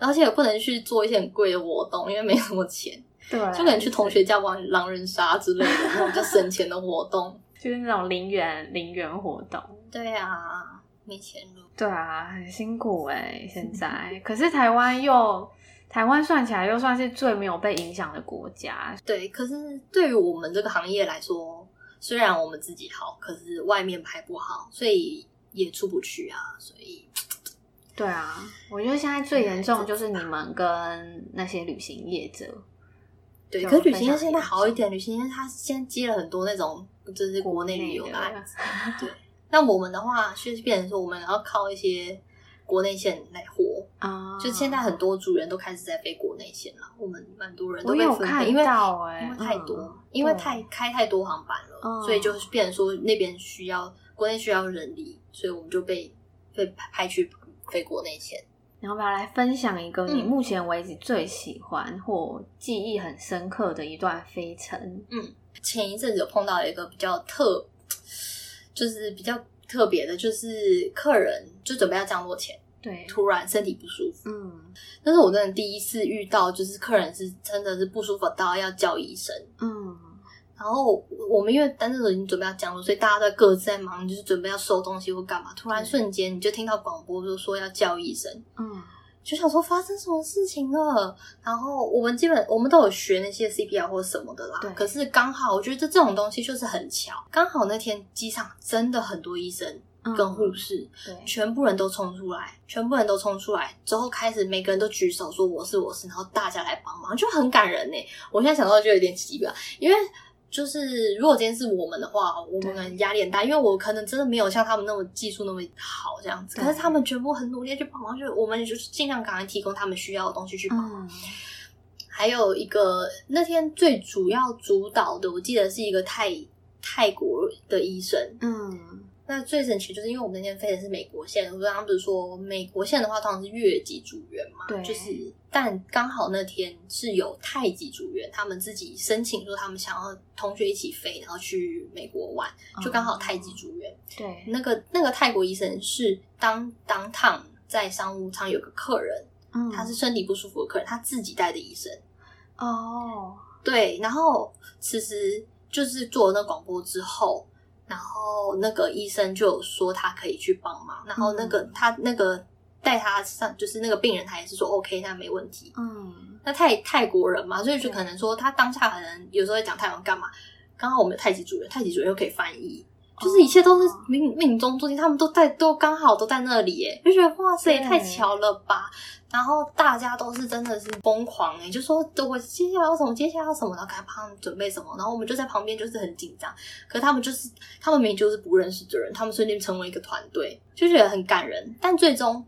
而且 [LAUGHS] 也不能去做一些很貴的活動，因為沒什麼錢。對、啊，就可能去同學家玩狼人殺之類的那種叫省錢的活動，就是那種零元零元活動。對啊，沒錢了。對啊，很辛苦哎、欸！是現在可是台灣又台灣算起來又算是最沒有被影響的國家。對，可是對於我們這個行業來說。雖然我們自己好，可是外面排不好，所以也出不去啊。所以，對啊，我覺得現在最嚴重的就是你們跟那些旅行業者。嗯、對，就可是旅行業現在好一點，旅行業他現在接了很多那種，就是國內旅遊來案，對，那我們的話就是變成說，我們要靠一些。國內線來活，啊，uh, 就現在很多組員都開始在飛國內線了。我們蠻多人都有看到，欸，因為太多，嗯、因為太對開太多航班了，uh, 所以就變成說那邊需要國內需要人力，所以我們就被被派去飛國內線。然後我們要來分享一個你目前為止最喜歡或記憶很深刻的一段飛程。嗯，前一陣子有碰到一個比較特，就是比較。特別的就是客人就準備要降落前，對，突然身體不舒服，嗯，但是我真的第一次遇到，就是客人是真的是不舒服到要叫醫生，嗯，然後我們因為單子已經準備要降落，所以大家都在各自在忙，就是準備要收東西或幹嘛，突然瞬間你就聽到廣播就說，對說要叫醫生，嗯。就想說發生什麼事情了，然後我們基本我們都有學那些 CPR 或什麼的啦。對可是剛好我覺得這這種東西就是很巧，剛好那天機場真的很多醫生跟護士、嗯，對，全部人都衝出來，全部人都衝出來之後開始每個人都舉手說我是我是，然後大家來幫忙，就很感人呢、欸。我現在想到就有點奇怪，因為。就是如果今天是我們的話，我們可能壓力很大，對因為我可能真的沒有像他們那麼技術那麼好這樣子。對可是他們全部很努力去幫忙，就我們就是盡量趕快提供他們需要的東西去幫忙。嗯，還有一個那天最主要主導的，我記得是一個泰泰國的醫生，嗯。那最神奇就是，因為我們那天飛的是美國線，我剛剛不是說美國線的話通常是越籍組員嘛，對，就是，但剛好那天是有泰籍組員，他們自己申請說他們想要同學一起飛，然後去美國玩，就剛好泰籍組員，對、嗯，那個那個泰國醫生是當當趟、嗯、在商務艙有個客人，他是身體不舒服的客人，他自己帶的醫生，哦，對，然後其實就是做了那廣播之後。然後那個醫生就有說他可以去幫忙，然後那個、嗯、他那個帶他上就是那個病人，他也是說 OK，那沒問題。嗯，那泰泰國人嘛，所以就可能說他當下可能有時候會講泰文幹嘛，剛好我們的泰籍主任，泰籍主任又可以翻譯。就是一切都是命、命中注定，oh. 他們都在都剛好都在那裡耶，欸，就覺得哇塞，也太巧了吧！對然後大家都是真的是瘋狂，欸，就說等我接下來要什麼，接下來要什麼，然後趕快幫他們準備什麼，然後我們就在旁邊就是很緊張。可他們就是他們明明就是不認識的人，他們瞬間成為一個團隊，就覺得很感人。但最終，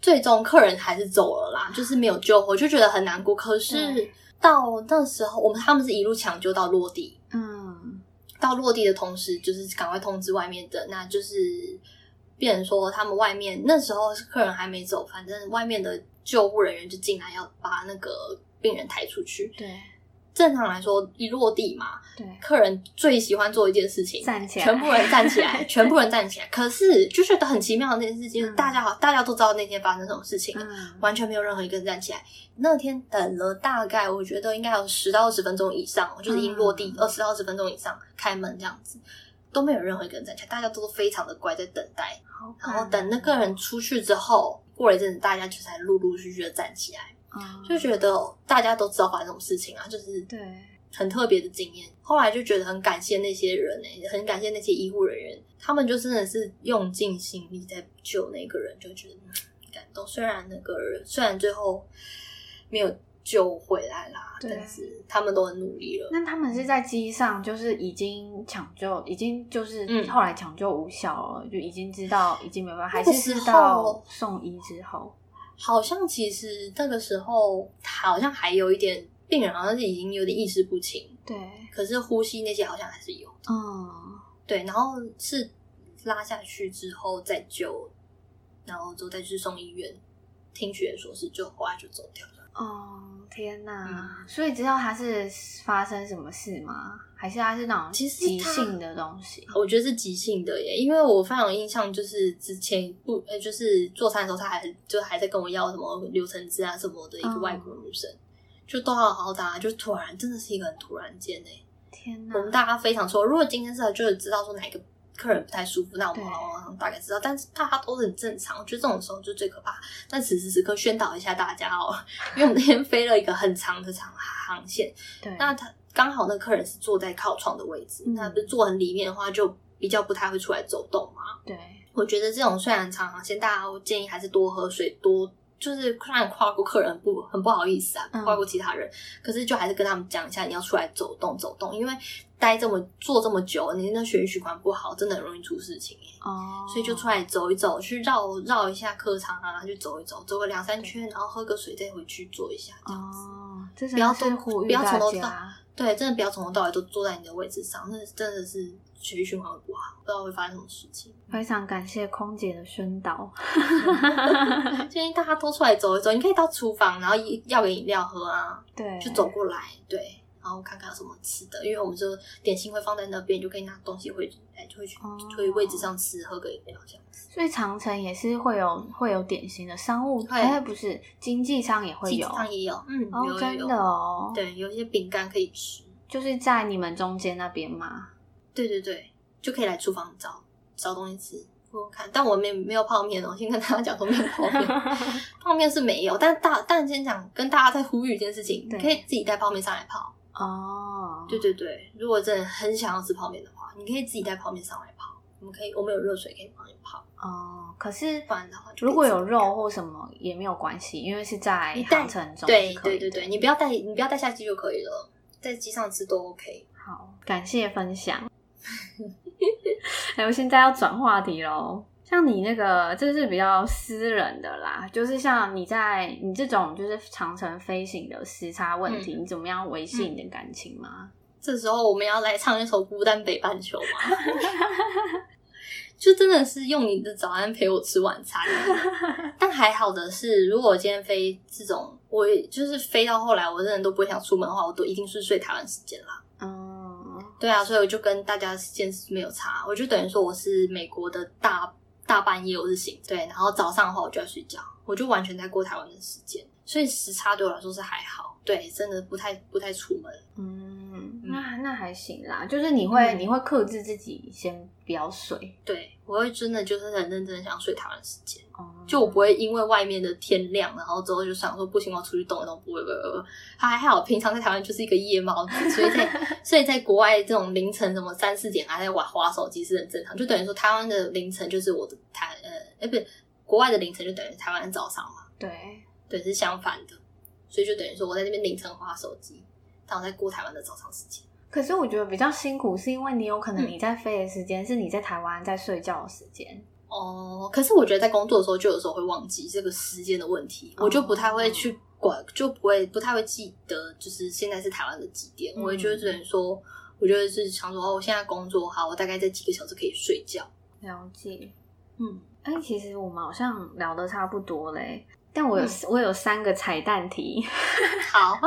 最終客人還是走了啦，嗯、就是沒有救活，就覺得很難過。可是對到那時候，我們他們是一路搶救到落地。到落地的同時，就是趕快通知外面的。那就是，變成說他們外面那時候客人還沒走，反正外面的救護人員就進來要把那個病人抬出去。對。正常來說，一落地嘛，對，客人最喜歡做一件事情，站起來，全部人站起來， [LAUGHS] 全部人站起來。可是，就是很奇妙的那件事情，大家好，大家都知道那天發生這種事情了，嗯、完全沒有任何一個人站起來。那天等了大概，我覺得應該有十到二十分鐘以上，嗯、就是一落地、嗯、二十到二十分鐘以上，開門這樣子都沒有任何一個人站起來，大家都非常的乖，在等待。然後等那個人出去之後，過了一陣子，大家就才陸陸續續的站起來。就覺得大家都知道發生什麼事情啊，就是對，很特別的經驗。後來就覺得很感謝那些人呢、欸，很感謝那些醫護人員，他們就真的是用盡心力在救那個人，就覺得感動。雖然那個人雖然最後沒有救回來啦，對但是他們都很努力了。那他們是在機上就是已經搶救，已經就是後來搶救無效了，嗯、就已經知道已經沒辦法，還是到送醫之後。好像其實那個時候，好像還有一點病人，好像是已經有點意識不清。對，可是呼吸那些好像還是有的。哦、嗯，對，然後是拉下去之後再救，然後之後再去送醫院。聽學姊說是就後來就走掉了。哦、嗯，天哪！嗯、所以知道他是發生什麼事嗎？還是他是那種即即興的東西，我覺得是即興的耶。因為我非常有印象，就是之前不呃，欸、就是做餐的時候，他還就還在跟我要什麼流程紙啊什麼的一個外國女生，嗯、就都好好打，就突然真的是一個很突然間誒，天哪、啊！我們大家非常說，如果今天是要就是知道說哪個客人不太舒服，那我們往往往大概知道，對 但是大家都很正常。我覺得這種時候就最可怕。但此時此刻宣導一下大家哦、喔， [LAUGHS] 因為我們那天飛了一個很長的長航線，對，那他。剛好那客人是坐在靠窗的位置，那、嗯、不是坐很裡面的話，就比較不太會出來走動嘛。對，我覺得這種雖然長航線大家建議還是多喝水，多就是雖然誇過客人不很不好意思啊，誇過其他人，嗯、可是就還是跟他們講一下，你要出來走動走動，因為待這麼坐這麼久，你那血液循環不好，真的很容易出事情耶、欸。哦，所以就出來走一走，去繞繞一下客艙啊，然後去走一走，走個兩三圈，對然後喝個水，再回去坐一下這樣子。哦這是是火不，不要多，不要從頭上。對，真的不要從頭到尾都坐在你的位置上，那真的是血液循環不好，不知道會發生什麼事情。非常感謝空姐的宣導，建 [LAUGHS] 議 [LAUGHS] 大家多出來走一走。你可以到廚房，然後要點飲料喝啊，對，就走過來，對。然後看看有什麼吃的，因為我們就點心會放在那邊，你就可以拿東西回哎，就會去就會位置上吃、哦、喝個飲料這樣子。子所以長程也是會有會有點心的商務，哎會不是，經濟艙也會有，經濟艙也有，嗯，哦有有真的哦，對，有一些餅乾可以吃，就是在你們中間那邊嘛。對對對，就可以來廚房找找東西吃。不用看，但我沒沒有泡麵哦，先跟大家講，說沒有泡麵 [LAUGHS] 泡麵是沒有，但大但，但先講跟大家在呼籲一件事情，對你可以自己帶泡麵上來泡。哦，oh, 對對對，如果真的很想要吃泡麵的話，你可以自己帶泡麵上來泡。我們可以，我們有熱水可以幫你泡。哦、嗯，可是不然的話，如果有肉或什麼也沒有關係，因為是在航程中但對對對對，你不要帶，你不要帶下機就可以了，在機上吃都 OK。好，感謝分享。 [LAUGHS] [LAUGHS] 哎，我現在要轉話題嘍。像你那個，這是比較私人的啦，就是像你在你這種就是長程飛行的時差問題，嗯、你怎麼樣維繫你的感情嗎？嗯嗯、這時候我們要來唱一首《孤單北半球》嗎？ [LAUGHS] [LAUGHS] 就真的是用你的早安陪我吃晚餐， [LAUGHS] 但還好的是，如果我今天飛這種，我就是飛到後來，我真的都不會想出門的話，我都一定是睡台灣時間啦。哦、嗯，對啊，所以我就跟大家的時間是沒有差，我就等於說我是美國的大，大半夜我是醒，對，然後早上的話我就要睡覺，我就完全在過台灣的時間，所以時差對我來說是還好。對，真的不太不太出門。嗯，那那還行啦，就是你會、嗯、你會克制自己先不要睡。對我會真的就是很認真想睡台灣時間，嗯、就我不會因為外面的天亮，然後之後就想說不行我出去動一動，不會不會不會。他還好，平常在台灣就是一個夜貓子，所以在 [LAUGHS] 所以在國外這種凌晨什麼三四點還、啊、在玩滑手機是很正常，就等於說台灣的凌晨就是我的台呃哎、欸、不，國外的凌晨就等於台灣的早上嘛。對對是相反的。所以就等於說，我在那邊凌晨滑手機，然後在過台灣的早上時間。可是我覺得比較辛苦，是因為你有可能你在飛的時間，是你在台灣在睡覺的時間。哦、嗯，可是我覺得在工作的時候，就有時候會忘記這個時間的問題，哦、我就不太會去管，嗯、就不會不太會記得，就是現在是台灣的幾點。嗯、我也覺得等於說，我覺得是想說哦，我現在工作好，我大概在幾個小時可以睡覺。了解，嗯，哎、欸，其實我們好像聊得差不多嘞。我有、嗯、我有三個彩蛋題， [LAUGHS] 好啊好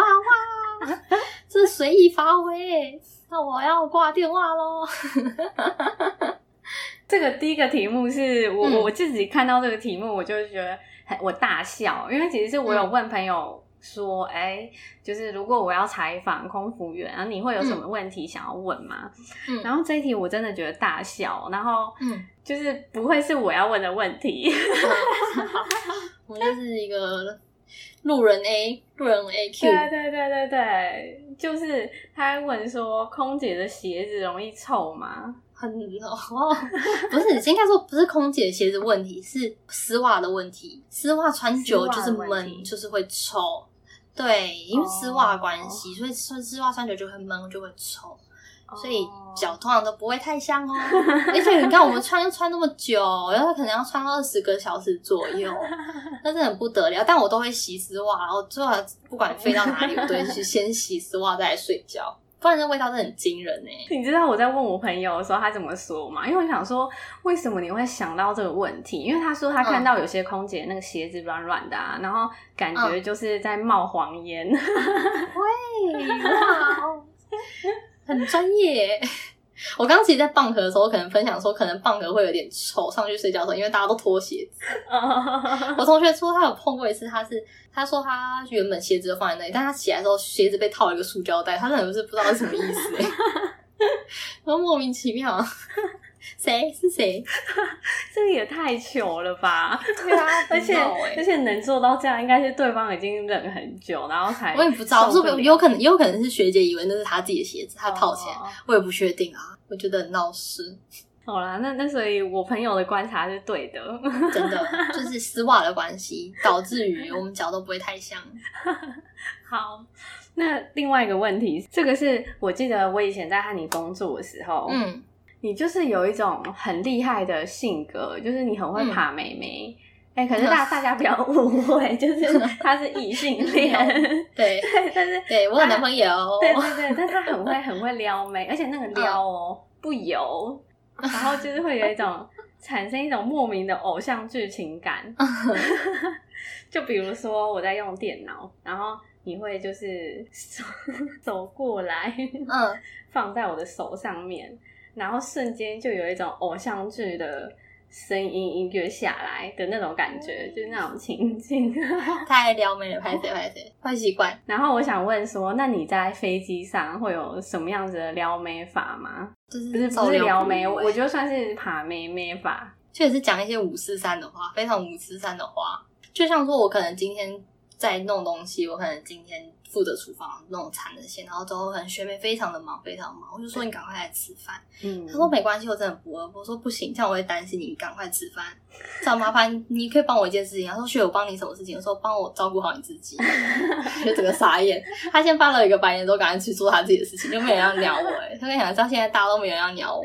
啊，這隨意發揮。那我要掛電話嘍。 [LAUGHS] 這個第一個題目是我我、嗯、我自己看到這個題目，我就覺得很我大笑，因為其實是我有問朋友。嗯說，哎，欸，就是如果我要採訪空服員，然後你會有什麼問題想要問嗎？嗯、然後這一題我真的覺得大笑，然後嗯，就是不會是我要問的問題、嗯， [LAUGHS] 我就是一個路人 A， [LAUGHS] 路人 A，Q 對對對對對，就是他問說，空姐的鞋子容易臭嗎？很哦，不是，你先看說不是空姐的鞋子問題，是絲襪的問題，絲襪穿久了就是悶，就是會臭。對，因為絲襪的關係，oh, 所以穿絲襪穿久就會悶，就會臭，oh. 所以腳通常都不會太香哦。 [LAUGHS] 而且你看，我們穿又穿那麼久，然後可能要穿二十個小時左右，那真的很不得了。但我都會洗絲襪，然後最好不管你飛到哪裡，我都是先洗絲襪再來睡覺。 [LAUGHS] 不然這味道真的很驚人哎、欸！你知道我在問我朋友的時候，他怎麼說嗎？因為我想說，為什麼你會想到這個問題？因為他說他看到有些空姐那個鞋子軟軟的、啊，嗯、然後感覺就是在冒黃煙。餵，哇， [LAUGHS] 很專業、欸。我剛剛其實在 bunk 的時候，可能分享說，可能 bunk 會有點臭。上去睡覺的時候，因為大家都脫鞋子。 [LAUGHS] 我同學說他有碰過一次，他是他說他原本鞋子就放在那裡，但他起來的時候鞋子被套了一個塑膠袋，他真的是不知道是什麼意思、欸，然後 [LAUGHS] [LAUGHS] 莫名其妙。 [LAUGHS] 誰是誰？ [LAUGHS] 這個也太糗了吧！對啊，而且 [LAUGHS] 而且能做到這樣， [LAUGHS] 應該是對方已經忍很久，然後才我也不知道，有有可能有可能是學姐以為那是他自己的鞋子，他掏錢，哦、我也不確定啊。我覺得很鬧事。好啦，那那所以我朋友的觀察是對的， [LAUGHS] 真的就是絲襪的關係，導致於我們腳都不會太像。 [LAUGHS] 好，那另外一個問題，這個是我記得我以前在漢尼工作的時候，嗯。你就是有一種很厲害的性格，就是你很會爬妹妹。哎，可是大大家不要誤會，就是他是異性戀，對，但是對我有男朋友，對對對，但是他很會很會撩妹，而且那個撩哦不油，然後就是會有一種產生一種莫名的偶像劇情感，就比如說我在用電腦，然後你會就是走走過來，放在我的手上面。然後瞬間就有一種偶像劇的聲音音樂下來的那種感覺，嗯、就那種情景，太撩妹了！拍誰拍誰壞習慣。然後我想問說，那你在飛機上會有什麼樣子的撩妹法嗎？就是不是不是撩妹，我就算是爬妹妹法，就是講一些五四三的話，非常五四三的話，就像說，我可能今天在弄東西，我可能今天。負責廚房那種纏的線，然後都很學妹非常的忙，非常忙。我就說，你趕快來吃飯，嗯，他說沒關係，我真的不餓。我說不行，這樣我會擔心你，趕快吃飯。這樣麻煩你可以幫我一件事情。然後學姊幫你什麼事情？我說幫我照顧好你自己。 [LAUGHS] 就整個傻眼，他先發了一個白眼，都趕緊去做他自己的事情，就沒有人要撩我、欸。哎，我在想到現在大家都沒有人要撩我，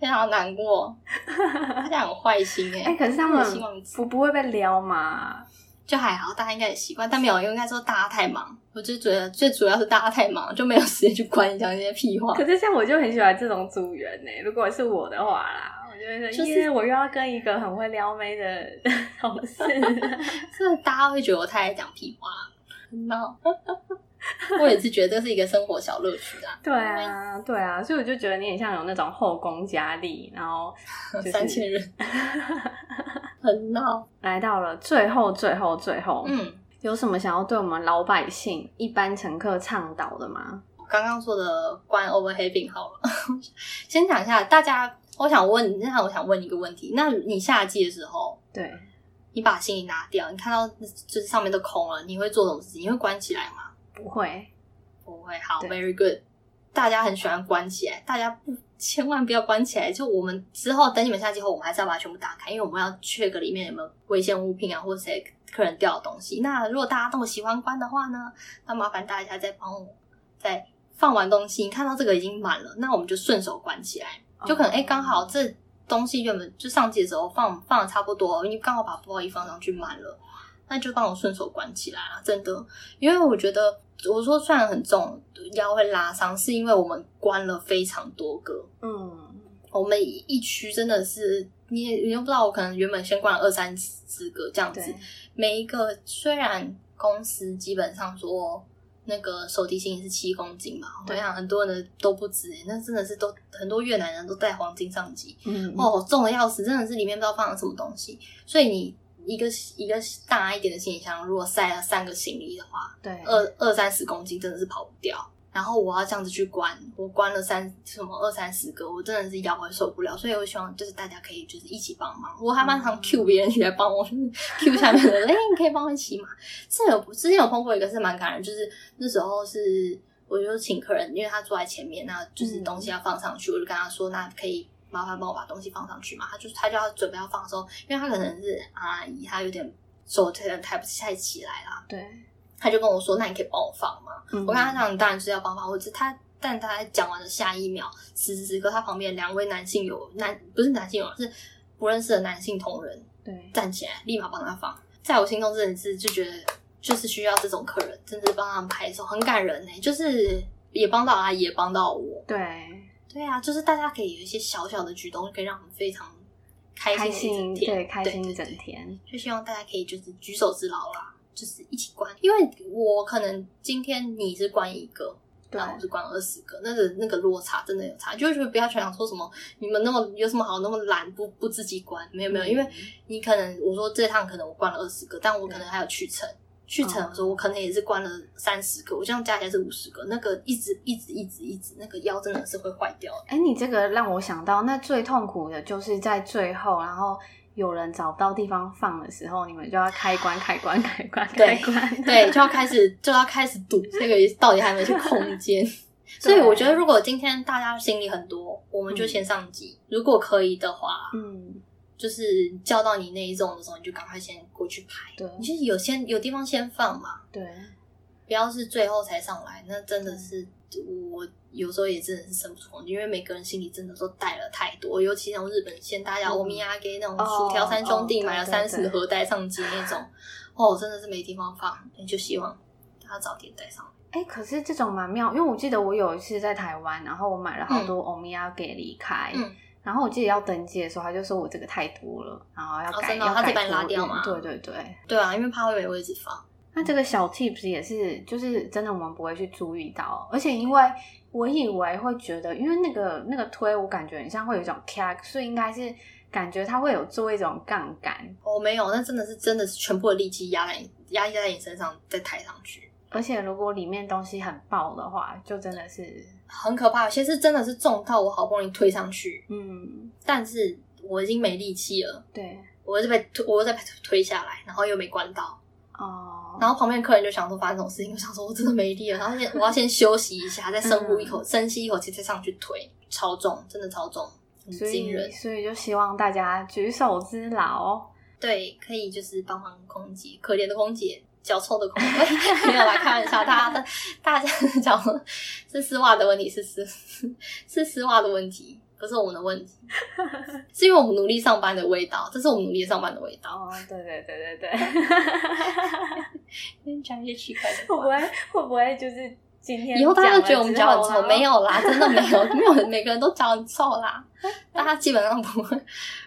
非常難過。他這樣很壞心哎、欸欸，可是這樣他們希望我不，不會被撩嘛就還好，大家應該也習慣。但沒有，應該說大家太忙，是我就覺得最主要是大家太忙，就沒有時間去管你講那些屁話。可是像我就很喜歡這種組員呢、欸，如果是我的話啦，我覺得因為我又要跟一個很會撩妹的同事，所以大家會覺得我太愛講屁話，很鬧。 [LAUGHS] 我也是覺得這是一個生活小樂趣的啊！對啊，嗯、對啊，所以我就覺得你很像有那種後宮佳麗，然後、就是、 [LAUGHS] 三千人日 [LAUGHS] 很鬧鬧，來到了最後，最後，最後，嗯，有什麼想要對我們老百姓、一般乘客倡導的嗎？我剛剛說的關 overheading 好了， [LAUGHS] 先講一下大家，我想問，那我想問一個問題，那你下機的時候，對，你把行李拿掉，你看到就是上面都空了，啊，你會做什麼事情？你會關起來嗎？不會，不會，好對，very good。大家很喜歡關起來，嗯、大家不千萬不要關起來。就我們之後等你們下機後，我們還是要把它全部打開，因為我們要 check 裡面有沒有危險物品啊，或者誰客人掉的東西。那如果大家那麼喜歡關的話呢？那麻煩大家再幫我再放完東西。你看到這個已經滿了，那我們就順手關起來。就可能哎、嗯，剛好這東西原本就上機的時候放放的差不多，你剛好把包一放上去滿了，那就幫我順手關起來啦。真的，因為我覺得。我說算很重，腰會拉傷，是因為我們關了非常多個。嗯，我們、哦、一區真的是你，你又不知道，我可能原本先關了二三十個這樣子。對每一個雖然公司基本上說那個手提行李是七公斤嘛，對啊，很多人都不止。那真的是都很多越南人都帶黃金上機，嗯，嗯，哦，重的要死，真的是裡面不知道放了什麼東西。所以你。一個一個大一點的行李箱，如果塞了三個行李的話，對，二二三十公斤真的是跑不掉。然後我要這樣子去關，我關了三什麼二三十個，我真的是腰會受不了。所以，我希望就是大家可以就是一起幫忙。我還蠻常 Q 別人起來幫我、嗯、 [LAUGHS] Q 下面的人，哎，你可以幫我一起嘛？是有之前有碰過一個是蠻感人的，就是那時候是我就請客人，因為他坐在前面，那就是東西要放上去，嗯、我就跟他說，那可以。麻煩幫我把東西放上去嘛？他就他就要準備要放的時候，因為他可能是阿姨，她有點手可能抬不太起來啦。對，他就跟我說：“那你可以幫我放嗎？”嗯嗯，我看他這樣：“當然是要幫忙。”我只是他，但他講完的下一秒，此時此刻他旁邊兩位男性有男不是男性有是不認識的男性同仁，對，站起來立馬幫他放。在我心中這件事就覺得就是需要這種客人，真的幫他們拍的時候很感人呢、欸，就是也幫到阿姨，也幫到我。對。對啊，就是大家可以有一些小小的舉動，可以讓我們非常開心整天，開心對，開心一整天。就希望大家可以就是舉手之勞啦，就是一起關。因為我可能今天你是關一個，對然後，我是關二十個，那個那個落差真的有差。就是不要全想說什麼你們那麼有什麼好那麼懶不不自己關，沒有沒有，嗯、因為你可能我說這趟可能我關了二十個，但我可能還有去程。嗯去程的時候，我可能也是關了三十個，嗯、我這樣加起來是五十個。那個一直一直一直一直，那個腰真的是會壞掉的。哎、欸，你這個讓我想到，那最痛苦的就是在最後，然後有人找不到地方放的時候，你們就要開關開關開關開關。對，對，就要開始就要開始賭，這個到底還有沒有空間？ [LAUGHS] 所以我覺得，如果今天大家行李很多，我們就先上機，嗯、如果可以的話，嗯。就是叫到你那一種的時候，你就趕快先過去排。對，你就有先有地方先放嘛。對，不要是最後才上來，那真的是我有時候也真的是生不出空間，因為每個人心裡真的都帶了太多。尤其像日本，先大家歐米亞給，那種薯條三兄弟、哦、買了三十盒帶上機，那種，哦，對對對，哦，真的是沒地方放。就希望他早點帶上來。哎、欸，可是這種蠻妙，因為我記得我有一次在台灣，然後我買了好多歐米亞給離開。嗯然後我記得要登機的時候，嗯、他就說我這個太多了，然後要改，啊、要改把你拉掉嗎？對對對，對啊，因為怕會沒位置放。嗯、那這個小 tips 也是，就是真的我們不會去注意到，而且因為我以為會覺得，因為那個那個推，我感覺很像會有一種 kick，所以應該是感覺它會有做一種槓桿。我、哦、沒有，那真的是真的是全部的力氣壓在壓在你身上再抬上去，而且如果裡面東西很爆的話，就真的是。很可怕，有些是真的是重到我好不容易推上去，嗯，但是我已經沒力氣了，對，我就被，我又推下來，然後又沒關到，哦，然後旁邊客人就想說發生這種事情，就想說我真的沒力了，然後先我要先休息一下， [LAUGHS] 再深呼一口，深吸一口氣再上去推，嗯、超重，真的超重，很驚人所，所以就希望大家舉手之勞，對，可以就是幫忙空姐，可憐的空姐。腳臭的口味 [LAUGHS] 一沒有來開玩笑，大家的大家腳是絲襪的問題，是絲是絲襪的問題，不是我們的問題， [LAUGHS] 是因為我們努力上班的味道，這是我們努力上班的味道，啊。哦， [LAUGHS] 對對對對對，哈哈哈哈哈，越講越奇怪，會不會，會不會就是。今天，以後大家都覺得我們腳很臭，沒有啦，真的沒有，沒有，每個人都腳很臭啦，大家 [LAUGHS] 基本上不會，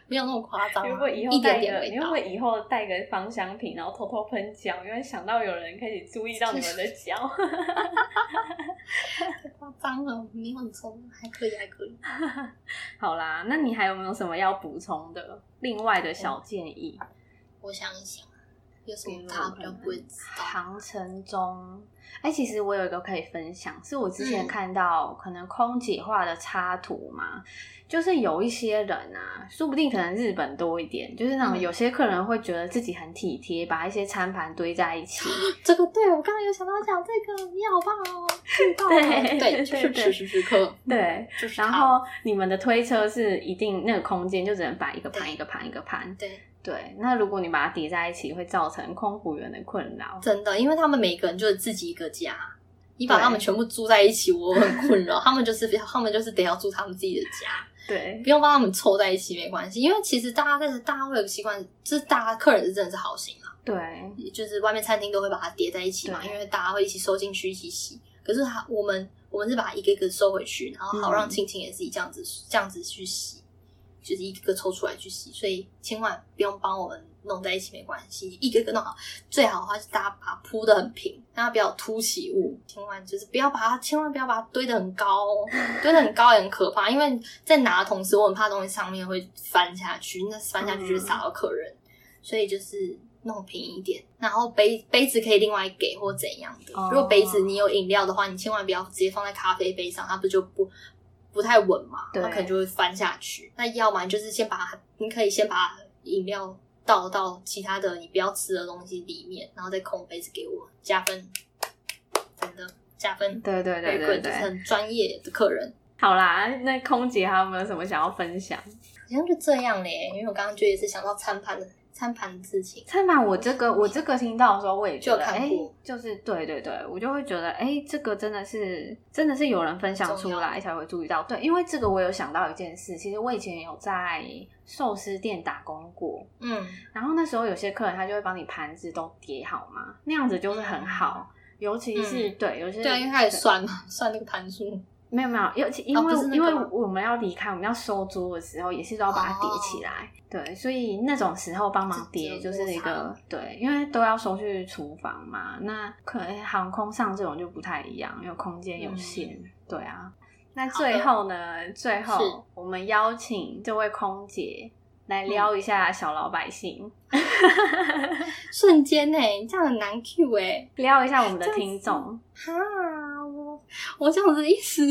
沒有那麼誇張啊。如果以後一點點，因為以後帶個芳香品，然後偷偷噴腳？因為想到有人可以注意到你們的腳，太誇張了，沒有很臭，還可以，還可以。好啦，那你還有沒有什麼要補充的？另外的小建議我，我想想，有什麼大不規則？長城中。哎、欸，其實我有一個可以分享，是我之前看到，嗯、可能空姐畫的插圖嘛，就是有一些人啊，說不定可能日本多一點，嗯、就是那種有些客人會覺得自己很體貼，把一些餐盤堆在一起。這個對，我剛剛有想到講這個，你好棒哦，喔，棒喔，對棒對對對對對，然後你們的推車是一定那個空間就只能擺一個盤一個盤一個盤，對。對對，那如果你把它疊在一起，會造成空服員的困擾。真的，因為他們每個人就是自己一個家，對你把他們全部住在一起，我很困擾。 [LAUGHS] 他們就是比較，他們就是得要住他們自己的家，對，不用幫他們湊在一起沒關係。因為其實大家但是大家會有習慣，就是大家客人是真的是好心啊，對，就是外面餐廳都會把它疊在一起嘛，對因為大家會一起收進去一起洗。可是他我們我們是把它一個一個收回去，然後好讓青青也自己這樣子、嗯、這樣子去洗。就是一個、個抽出來去洗，所以千萬不用幫我們弄在一起，沒關係，一個一個弄好。最好的話是大家把它鋪得很平，讓它不要凸起物。千萬就是不要把它，千萬不要把它堆得很高，哦。 [LAUGHS] 堆得很高也很可怕。因為在拿的同時，我很怕東西上面會翻下去，那翻下去就灑到客人。嗯、所以就是弄平一點，然後杯杯子可以另外給或怎樣的。哦、如果杯子你有飲料的話，你千萬不要直接放在咖啡杯上，它不就不。不太穩嘛，他對可能就會翻下去。對那要麼就是先把它，你可以先把飲料倒到其他的你不要吃的東西裡面，然後再空杯子給我加分，真的加分。對對對對，對，對很專業的客人。好啦，那空姐還有沒有什麼想要分享？好像就這樣嘞，因為我剛剛就也是想到餐盤的。餐盤事情，餐盤我這個我這個聽到的時候，我也覺得哎、欸，就是對對對，我就會覺得哎、欸，這個真的是真的是有人分享出來、嗯、才會注意到，對，因為這個我有想到一件事，其實我以前有在壽司店打工過，嗯，然後那時候有些客人他就會幫你盤子都疊好嘛，那樣子就是很好，嗯、尤其是、嗯、對，有些對，因為開始算算那個盤數。沒有沒有，尤其因為、哦、因為我們要離開，我們要收桌的時候也是都要把它疊起來，哦、對，所以那種時候幫忙疊就是一個對，因為都要收去廚房嘛。那可能航空上這種就不太一樣，因為空間有限，嗯、對啊。那最後呢？的最後我們邀請這位空姐來撩一下小老百姓，嗯、 [LAUGHS] 瞬間哎、欸，這樣很難 Q 哎、欸，撩一下我們的聽眾我這樣子一，一時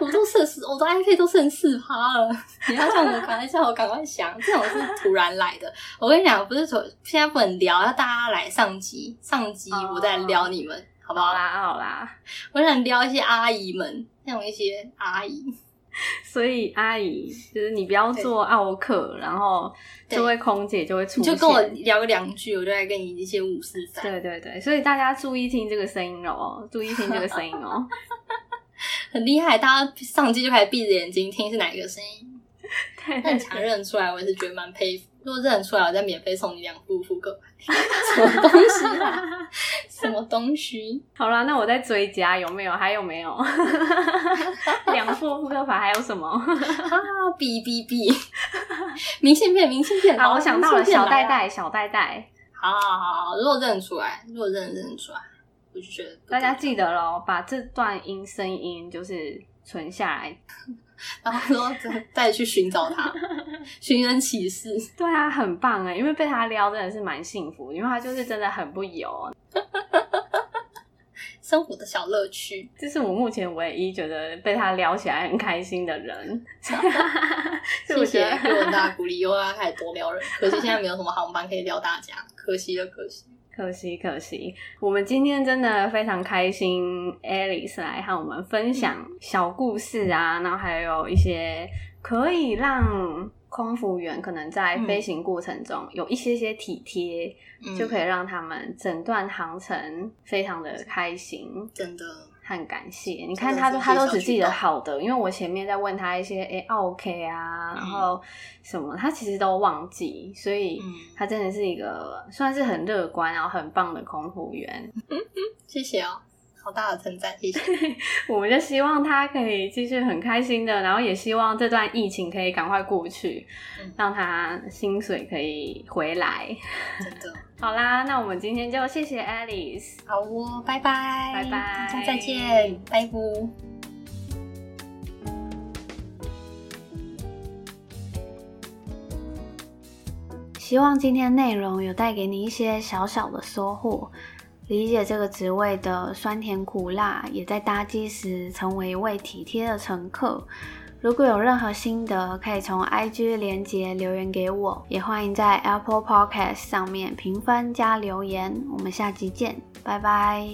我都剩死，我的 iPad 都剩四趴了。你要這樣子趕快，叫我趕快想，這種是突然來的。我跟你講，不是說現在不能聊，要大家來上機，上機我再撩你們，哦、好不好？啦好啦，好啦，我想撩一些阿姨們，像一些阿姨。所以，阿姨就是你不要做奧客。對然後這位空姐就會出現，你就跟我聊兩句，我就來跟你一些五四三。對對對，所以大家注意聽這個聲音哦，注意聽這個聲音哦， [LAUGHS] 很厲害，大家上機就開始閉着眼睛聽是哪一個聲音，那很強認出來，我也是覺得蠻佩服。如果認出來，我再免費送你兩副撲克牌。什麼東西，啊？ [LAUGHS] 什麼東西？好啦，那我再追加，有沒有？還有沒有？兩 [LAUGHS] 副撲克牌還有什麼？哈、 [LAUGHS] [LAUGHS] oh,，bbb [LAUGHS] 明信片，明信片。啊、oh, 哦，我想到了，了小袋袋，小袋袋。好好好好，如果認出來，如果認認出來，我就覺得，得大家記得咯，把這段音聲音就是存下來。然後說帶再去尋找他， [LAUGHS] 尋人啟事。對啊，很棒哎，因為被他撩真的是蠻幸福，因為他就是真的很不油， [LAUGHS] 生活的小樂趣。這是我目前唯一覺得被他撩起來很開心的人。謝謝給我很大 [LAUGHS] 鼓勵，以後他開始多撩人。 [LAUGHS] 可惜現在沒有什麼航班可以撩大家， [LAUGHS] 可惜了，可惜。可惜，可惜，我們今天真的非常開心，Alice 來和我們分享小故事啊，嗯、然後還有一些可以讓空服員可能在飛行過程中有一些些體貼，嗯、就可以讓他們整段航程非常的開心。真的。很感謝，你看他都他都只記得好的，因為我前面在問他一些哎、欸，OK 啊，嗯、然後什麼，他其實都忘記，所以他真的是一個算是很樂觀、嗯、然後很棒的空服員。嗯、謝謝哦。好大的存在，謝謝！ [LAUGHS] 我們就希望他可以繼續很開心的，然後也希望這段疫情可以趕快過去，嗯、讓他薪水可以回來。 [LAUGHS] 真的，好啦，那我們今天就謝謝 Alice，好哦，拜拜，拜拜，大家再見，拜拜。拜拜。希望今天內容有帶給你一些小小的收穫。理解這個職位的酸甜苦辣，也在搭機時成為一位體貼的乘客。如果有任何心得，可以從 IG 連結留言給我，也歡迎在 Apple Podcast 上面評分加留言。我們下集見，拜拜。